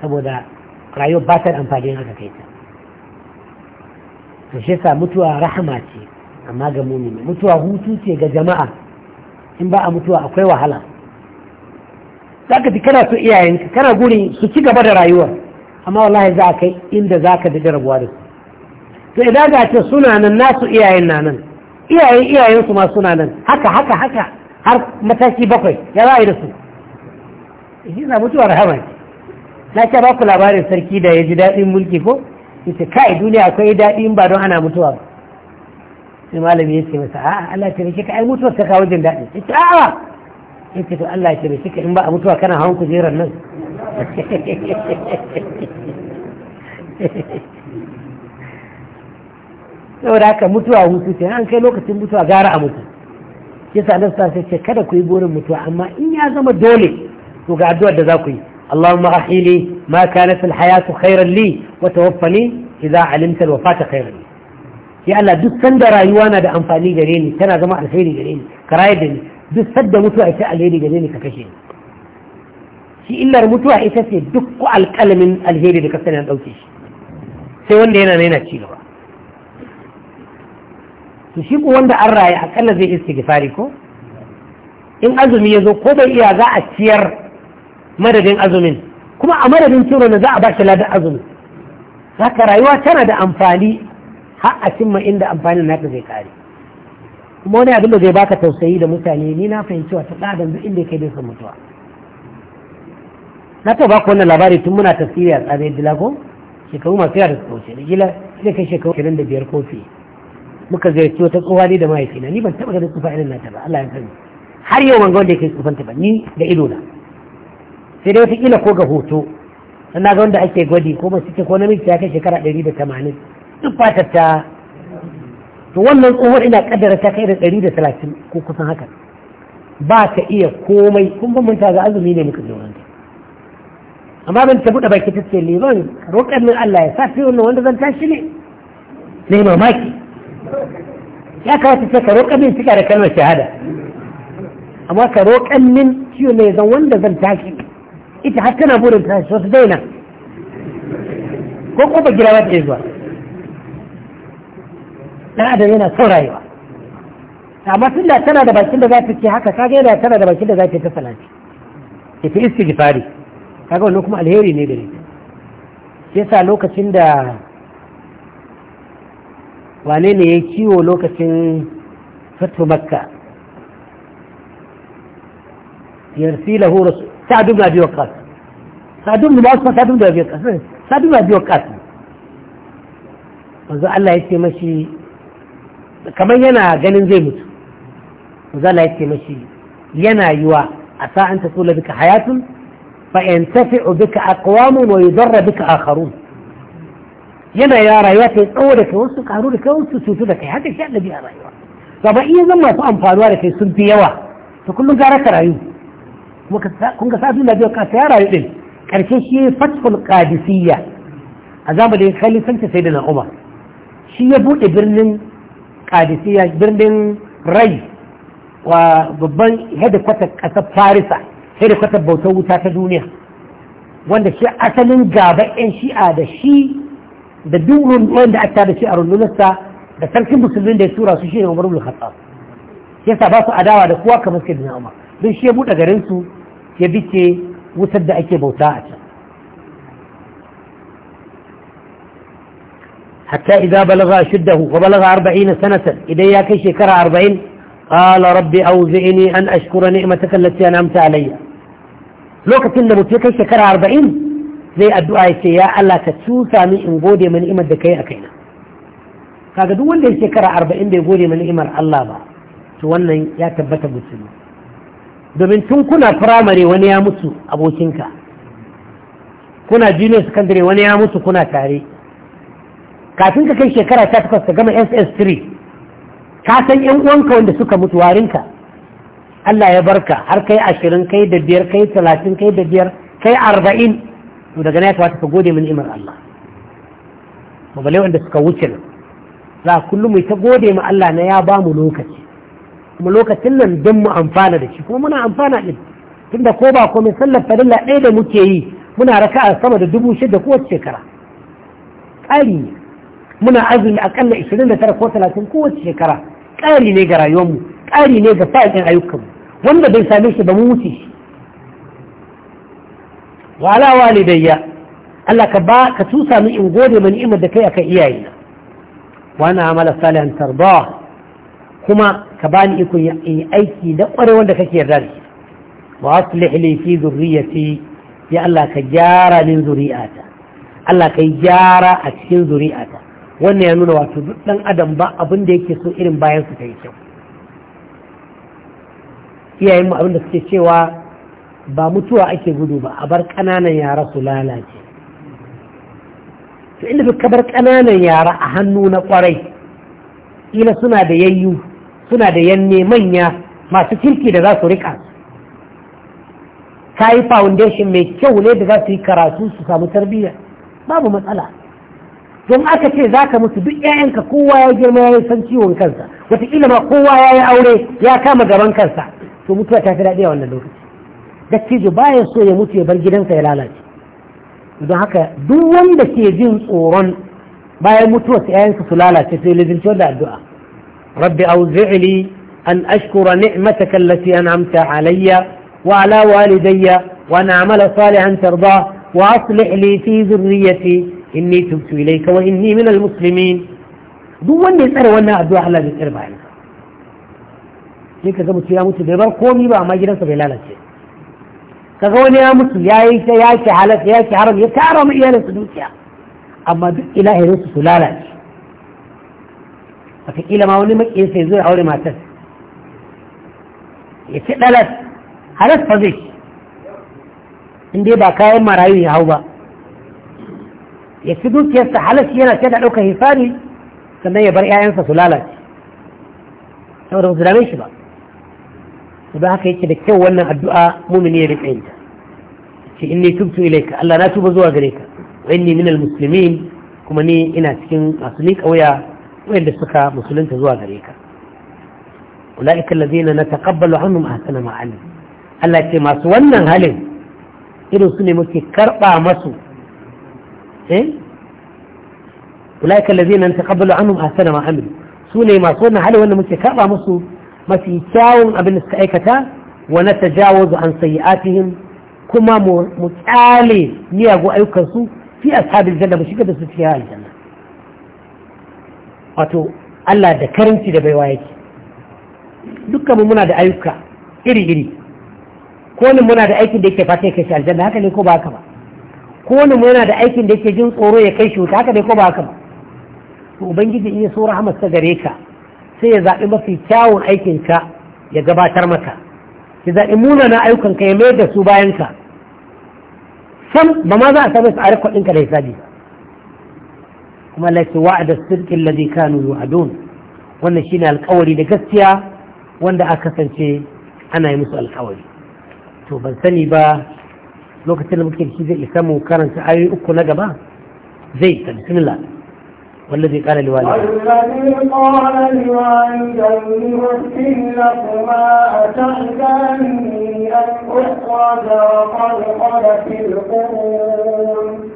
saboda rayuwar ba ta da amfani haka kai ta to shi mutuwa rahama ce amma ga mumini mutuwa hutu ce ga jama'a in ba a mutuwa akwai wahala zaka ji kana so iyayenka kana gurin su ci gaba da rayuwa amma wallahi za kai inda zaka da rabuwa da su to idan ga ce suna nan nasu iyayen na nan iyayen iyayen su ma suna nan haka haka haka har mataki bakwai ya za a yi da su shi eh, na mutuwar rahama na ce ba ku labarin sarki da ya ji daɗin mulki ko Ita kai duniya akwai daɗin ba don ana mutuwa ba sai malami ya ce masa a'a Allah ya taimake ka ai mutuwar ta kawo jin daɗi ita a'a yace to Allah ya taimake ka in ba a mutuwa kana hawan kujerar nan saboda haka mutuwa hutu ce an kai lokacin mutuwa gara a mutu yasa nan sa sai ce kada ku yi burin mutuwa amma in ya zama dole to ga addu'ar da za ku yi اللهم أحي لي ما كانت الحياة خيرا لي وتوفني إذا علمت الوفاة خيرا لي يا الله دو سند رايوانا دا أنفاني جريني كان زماء الخير جريني كرايد دو سد متوى إتاء الهيري جريني ككشين شي إلا المتوى إتاء دك القلم الهيري لكسنا نوتيش سيوان دينا نينا تشيلوا to shi ko wanda an raye akalla zai gifari ko in azumi ya zo ko bai iya za a ciyar madadin azumin kuma a madadin ciro da za a bashi ladan azumi haka rayuwa tana da amfani har a cimma inda amfanin ta zai kare kuma wani abin da zai baka tausayi da mutane ni na fahimci wata ɗadan zai inda kai bai san mutuwa na taɓa baka wannan labari tun muna tafsiri a tsarin dilago shekaru masu yawa da suka da gila zai kai shekaru 25 ko fiye muka ziyarci wata tsohuwa ne da na ni ban taɓa ganin tsufa irin nata ba Allah ya sani har yau ban ga wanda yake ta ba ni da ido na sai dai wata kila ko ga hoto sannan ga wanda ake gwadi ko masu ce ko namiji ta kai shekara ɗari da tamanin duk fatar ta to wannan tsohuwar ina kaddara ta kai da ɗari da talatin ko kusan haka ba ta iya komai kun ban manta ga azumi ne muka zo wurin amma ban ta buɗe baki ta ce liman roƙar min Allah ya sa fi wannan wanda zan tashi ne ne mamaki ya kawata ce ka roƙa min cika da kalmar shahada amma ka roƙan min ciwo ne zan wanda zan tashi ita har tana burin tashi wasu daina ko kuma gida ba ta zuwa dan adam yana son rayuwa amma tun da tana da bakin da za ta ce haka kaga yana tana da bakin da za ta ta salati ta fi istighfari kaga wannan kuma alheri ne da gare ta yasa lokacin da wane ne ya kiwo lokacin fatu makka yarsilahu rasul sa'd ibn abi waqqas sa'd ibn waqqas sa'd ibn abi waqqas hmm, sa'd ibn abi waqqas manzo Allah ya ce mashi kamar yana ganin zai mutu manzo Allah ya mashi yana yiwa a sa'an ta kula bika hayatun fa yantafi'u bika aqwamun wa yudarra bika akharun yana ya rayuwa ta tsawo da kai wasu karu da kai wasu cutu da kai haka shi annabi a rayuwa gaba iya zan masu amfanuwa da kai sun fi yawa to kullum gara ka rayu kun ga safi lafiya ka ta rayu din karshe shi fatul qadisiyya a zamanin khalifancin sayyidina umar shi ya bude birnin qadisiyya birnin rai wa babban hedikwatar kasar farisa hedikwatar bautar wuta ta duniya wanda shi asalin gaba yan shi'a da shi da duk wanda aka da shi a rundunarsa da sarkin musulmin da ya tura su shi ne umar khattab yasa ba su adawa da kowa kamar sai umar don shi ya buɗe garin su ya bice wutar da ake bauta a can hatta idza balagha shiddahu wa balagha 40 sanatan idan ya kai shekara 40 qala rabbi awzi'ni an ashkura ni'mataka allati an'amta alayya lokacin da mutum ya kai shekara 40 zai addu'a ya ce ya Allah ka cusa min in gode mani imar da kai a kaina kaga duk wanda ya shekara arba'in bai gode mani imar Allah ba to wannan ya tabbata musulmi domin tun kuna firamare wani ya mutu abokinka kuna junior secondary wani ya mutu kuna tare kafin ka kai shekara ta takwas ka gama ss3 ka san yan uwanka wanda suka mutu warinka Allah ya barka har kai ashirin kai da biyar kai talatin kai da biyar kai arba'in to daga na ya kamata ka gode min iman Allah ba balai wanda suka wuce nan za kullum mu ta gode ma Allah na ya ba mu lokaci kuma lokacin nan don mu amfana da shi kuma muna amfana din tunda ko ba komai sallar farilla ɗaya da muke yi muna a sama da dubu shida kowace shekara ƙari ne muna azumi akalla ishirin da tara ko talatin kowace shekara ƙari ne ga rayuwarmu ƙari ne ga sa'in ayyukanmu wanda bai same shi ba mu wuce shi wa ala walidayya Allah ka ba ka tusa min in gode mani ni'imar da kai akan iyayena wa ana amala salihan tarda kuma ka bani iko yi aiki da ƙwarewar da kake yarda da shi wa aslih li fi dhurriyyati ya Allah ka gyara min zuri'ata Allah ka yi gyara a cikin zuri'ata wannan ya nuna wato duk dan adam ba abin da yake so irin bayan su ta yi kyau iyayen mu abin da suke cewa ba mutuwa ake gudu ba a bar ƙananan yara su lalace to inda ka bar ƙananan yara a hannu na kwarai, ila suna da yayyu suna da yanne manya masu kirki da za su rika ka yi foundation mai kyau ne da za su yi karatu su samu tarbiyya babu matsala don aka ce za ka mutu duk 'ya'yanka kowa ya girma ya yi san ciwon kansa wataƙila ma kowa ya yi aure ya kama gaban kansa to mutuwa ta fi daɗi a wannan lokaci dattijo baya so ya mutu ya bar gidansa ya lalace don haka duk wanda ke jin tsoron bayan mutuwa sai yayansa su lalace sai lizinci da addu'a rabbi auzi'li an ashkura ni'mataka allati an'amta alayya wa ala walidayya wa an a'mala salihan tarda wa aslih li fi dhurriyyati inni tubtu ilayka wa inni min almuslimin duk wanda ya tsara wannan addu'a Allah zai tsare bayan sai ka ga mutu ya mutu bai bar komai ba amma gidansa bai lalace kaga wani ya mutu ya yi ta ya ki halal ya ki haram ya tara mu iyalinsu dukiya amma duk ilahirinsu su lalace kila ma wani maƙin sai zuwa aure matar ya ci ɗalas halas fa zai in dai ba kayan marayu ya hau ba ya ci dukiyarsa halas yana ta da ɗaukar hisari sannan ya bar 'ya'yansa su lalace saboda ba su dame shi ba su da haka yake da kyau wannan addu'a mumini ya riƙe ta ce inni tubtu ilaika Allah na tuba zuwa gare ka wa inni minal muslimin kuma ni ina cikin masu liƙa wuya wanda suka musulunta zuwa gare ka ulaika allazina nataqabbalu anhum ahsana ma alim Allah ce masu wannan halin irin su ne muke karba masu eh ulaika allazina nataqabbalu anhum ahsana ma alim su ne masu wannan halin wanda muke karba musu mafi kyawun abin da suka aikata wa natajawazu an sayyi'atihim kuma mu tsale miyagun ayyukansu fi sabin janna mu shiga da su cikin aljanna wato Allah da karinci da baiwa yake dukkan muna da ayyuka iri-iri ko ne muna da aikin da yake fata ya kai shi aljanna haka ne ko ba haka ba ko ne muna da aikin da yake jin tsoro ya kai shi wuta haka ne ko ba haka ba to ubangiji in ya so rahmat ta gare ka sai ya zaɓi mafi kyawun aikin ka ya gabatar maka ki zaɓi munana ayyukan ka ya mai da su bayan ka sam ba ma za a same su a rikon ɗinka da hisabi kuma Allah ce wa'ada sirkin ladhi kanu yu'adun wannan shine alƙawari da gaskiya wanda aka kasance ana yi musu alƙawari to ban sani ba lokacin da muke shi zai isa mu karanta ayoyi uku na gaba zai ta bismillah والذي قال والذي قال لوالده اغفر لكما أتعداني أن أخرج وقد خلت القرون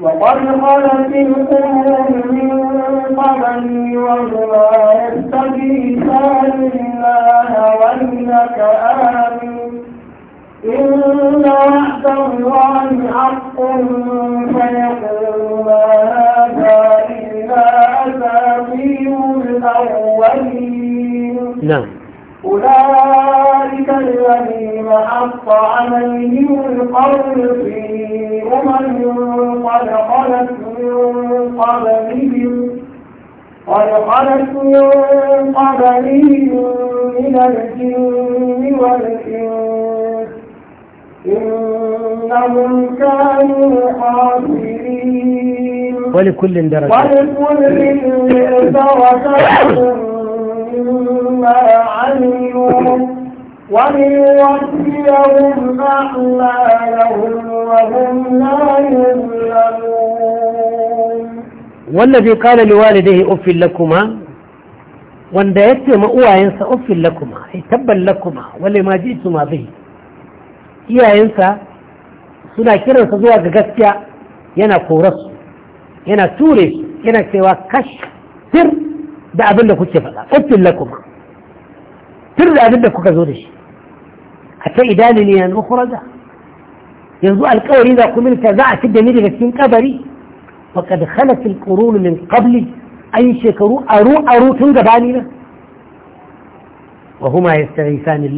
وقد خلت القرون من قبلي وهما يستغيثان لله وإنك آمين إن وعد الله حق فيقول ما هذا إلا أساطير الأولين نعم أولئك الذين حق عليهم القول في أمم قد خلت من قبلهم قد خلت من قبلهم من الجن والإنس إنهم كانوا خاسرين ولكل درجة ولكل درجة مما عملوا وليوفيهم أعمالهم وهم لا يظلمون والذي قال لوالديه أف لكما وان ya ce ma لَكُمَا uffin lakuma لَكُمَا tabban lakuma جئتما به iyayensa suna kiransa zuwa ga gaskiya yana korarsu yana ture su yana cewa kash fir da abin da kuke faɗa ƙuffin lakuma Fir da abin da kuka zo da shi hatta idani ne yanzu kuraja yanzu alkawari za ku minta za a fi da ni daga cikin kabari faƙad khalafin ƙurunu min qabli an shekaru aru aru tun gabani na wa huma yastaghithani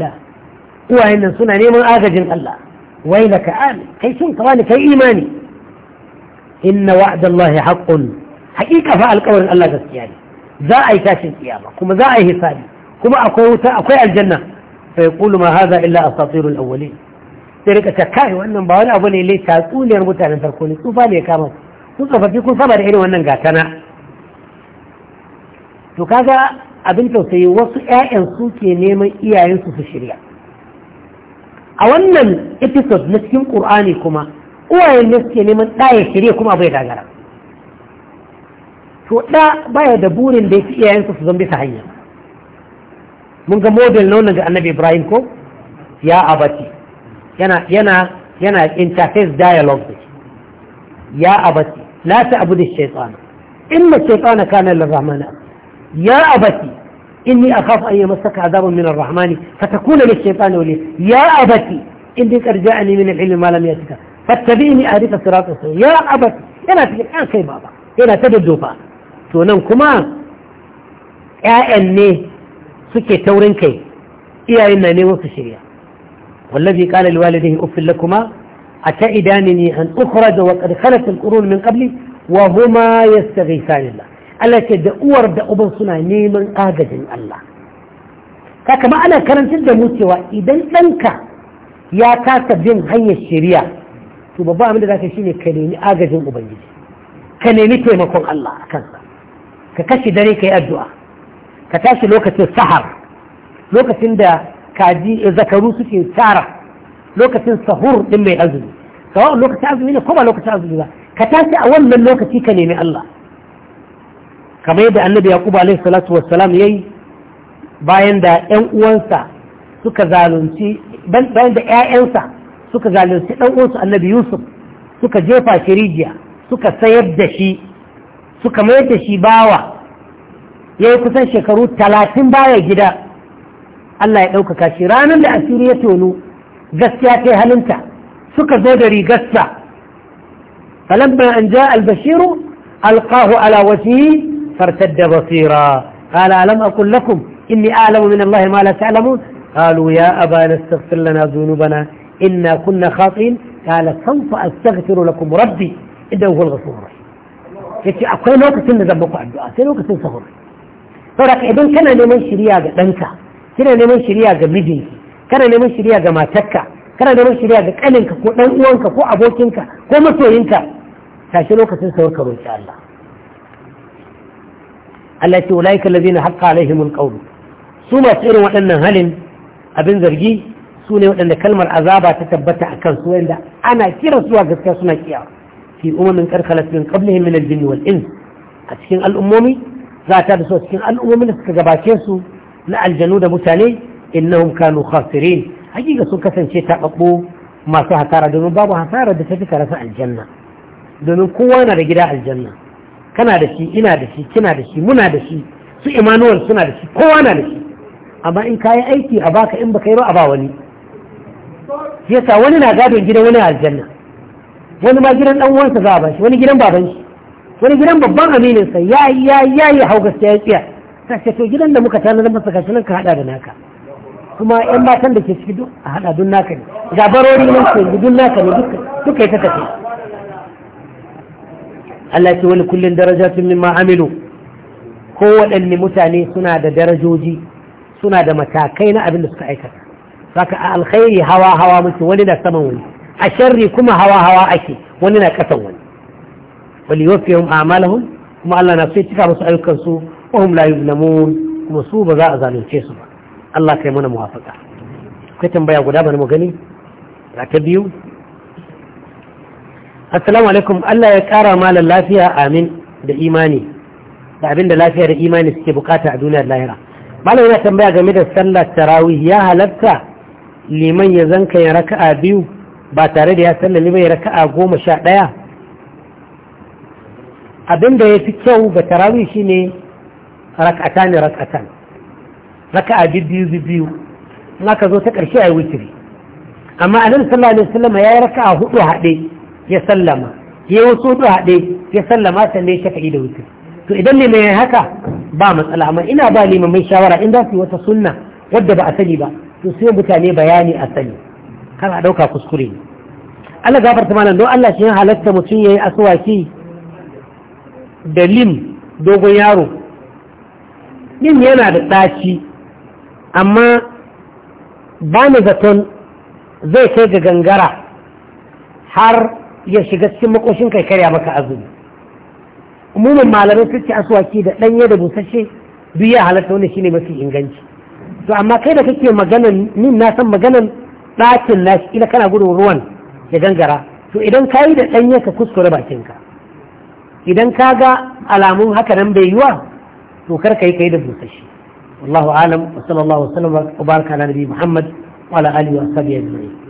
uwayen nan suna neman agajin Allah wai ka amin kai sun kawa ni kai imani inna wa'dallahi haqqun haqiqa fa alƙawarin Allah gaskiya ne za a yi tashin kiyama kuma za a yi hisabi kuma akwai wuta akwai aljanna fa yaqulu ma hadha illa asatirul awwalin sai rika ta kai wannan ba wani abu ne lai tatsuniyar mutanen farko ne tsufa ne ya kama su tsofaffi kun saba da irin wannan gatana to kaga abin tausayi wasu 'ya'yan su ke neman iyayensu su shirya a wannan episode na cikin ƙur'ani kuma uwayen ne suke neman ɗaya shirye kuma bai dagara to ɗa baya da burin da ya fi iyayensa su zan bisa hanya mun ga model na wannan ga annabi ibrahim ko ya abati yana yana yana interface dialogue da ya abati la ta abu da shaitan inna shaitana kana lirrahmana ya abati إني أخاف أن يمسك عذاب من الرحمن فتكون للشيطان ولي يا أبتي إني أرجعني من العلم ما لم يأتك فاتبعني أهدف الصراط الصحيح يا أبتي أنا في الآن كي بابا أنا تبدو بابا تونم كما أعني سكي تورن كي يا إنا نيوم في والذي قال لوالده أفل لكما أتأدانني أن أخرج وقد خلت القرون من قبلي وهما يستغيثان الله Allah da uwar da uban suna neman agajin Allah ka kama ana karantar da mu cewa idan ɗanka ya kasa bin hanyar shari'a to babban abin da za ka shi ne ka nemi agajin ubangiji ka nemi taimakon Allah a kansa ka kashe dare ka yi addu'a ka tashi lokacin sahar lokacin da kaji eh, zakaru suke tara lokacin sahur ɗin mai azumi kawai lokacin azumi ne ko ba lokacin azumi ba ka tashi a wannan lokaci ka nemi Allah kamar yadda annabi yaqubu alaihi salatu wassalam yayi bayan da ƴan uwansa suka zalunci bayan da ƴaƴansa suka zalunci ɗan uwansa annabi yusuf suka jefa shi rijiya suka sayar da shi suka mayar da shi bawa yayi kusan shekaru talatin baya gida Allah ya ɗaukaka shi ranar da asiri ya tono gaskiya ta halinta suka zo da rigarsa falamma an ja albashiru alqahu ala wajhihi فارتد بصيرا قال ألم أقل لكم إني أعلم من الله ما لا تعلمون قالوا يا أبانا استغفر لنا ذنوبنا إنا كنا خاطئين قال سوف أستغفر لكم ربي إنه هو الغفور الرحيم yace akwai lokacin da zan muku addu'a sai lokacin sahur saboda idan kana neman shiriya ga ɗanka kana neman shiriya ga mijinki kana neman shiriya ga matarka kana neman shiriya ga kaninka ko ɗan uwanka ko abokinka ko masoyinka tashi lokacin sahur ka roki Allah Allah ce ulaika allazina haqqa alaihimul qawl su masu irin waɗannan halin abin zargi su ne waɗanda kalmar azaba ta tabbata a kansu wanda ana kira zuwa gaskiya suna kiya fi umamin karkalat min qablihim min al-jinn wal ins a cikin al'ummomi za ta da su cikin al'ummomin da suka gabace su na aljanu da mutane innahum kanu khasirin hakika sun kasance tababbu masu hasara domin babu hasara da ta fi rasa aljanna domin kowa na da gida aljanna kana da shi ina da shi kina da shi muna da shi su Emmanuel suna da shi kowa na da shi amma in ka yi aiki a baka in baka yi ba a ba wani shi yasa wani na gadon gidan wani aljanna wani ma gidan dan uwansa za a ba shi wani gidan baban shi wani gidan babban aminin sa ya ya ya yi hau gaskiya ya tsiya sai to gidan da muka tana masa gashi nan ka hada da naka kuma yan matan da ke ciki duk a hada dun naka ne ga barori nan ke duk naka ne duka duka ta tafi Allah ce wani kullum darajatun mimma amilu waɗanne mutane suna da darajoji suna da matakai na abin da suka aikata saka a alkhairi hawa hawa mutu wani na saman wani a sharri kuma hawa hawa ake wani na ƙasan wani wali a a'malahum kuma Allah na sai cika musu ayyukan su wa hum la yuzlamun kuma su ba za a zalunce su ba Allah kai mana muwafaqa kai tambaya guda bane mu gani ta biyu assalamu alaikum Allah ya kara malar lafiya amin da imani da abin da lafiya da imani suke bukata a duniyar lahira malar yana tambaya game da sallar tarawih ya halatta liman ya zanka ya raka'a biyu ba tare da ya sallar liman ya raka'a goma sha ɗaya abin da ya fi kyau ga tarawih shi ne raka'ata ne raka'ata raka'a biyu biyu in aka zo ta ƙarshe a yi wuturi. amma annabi sallallahu alaihi wasallam ya yi raka'a hudu haɗe ya sallama ya wasu wasu haɗe ya sallama sannan ya da wuce to idan ne mai haka ba matsala amma ina ba liman mai shawara in za su yi wata sunna wadda ba a sani ba to sai mutane bayani a sani kar a ɗauka kuskure ne Allah gafarta malam don Allah shi halatta mutum ya yi asuwaki da lim dogon yaro lim yana da ɗaci amma ba zaton zai kai ga gangara har ya shiga cikin makoshin kai karya maka azumi umumin malamai sun ci asuwaki da ɗanye da busasshe duk ya halatta wani shine mafi inganci to amma kai da kake maganan nin na san maganan ɗakin shi ila kana gudun ruwan ya gangara to idan ka da ɗanye ka kuskure bakinka idan ka ga alamun haka nan bai yiwa to kar ka yi kai da busasshe wallahu alam sallallahu alaihi wa baraka ala nabi muhammad wa ala alihi wa sahbihi ajma'in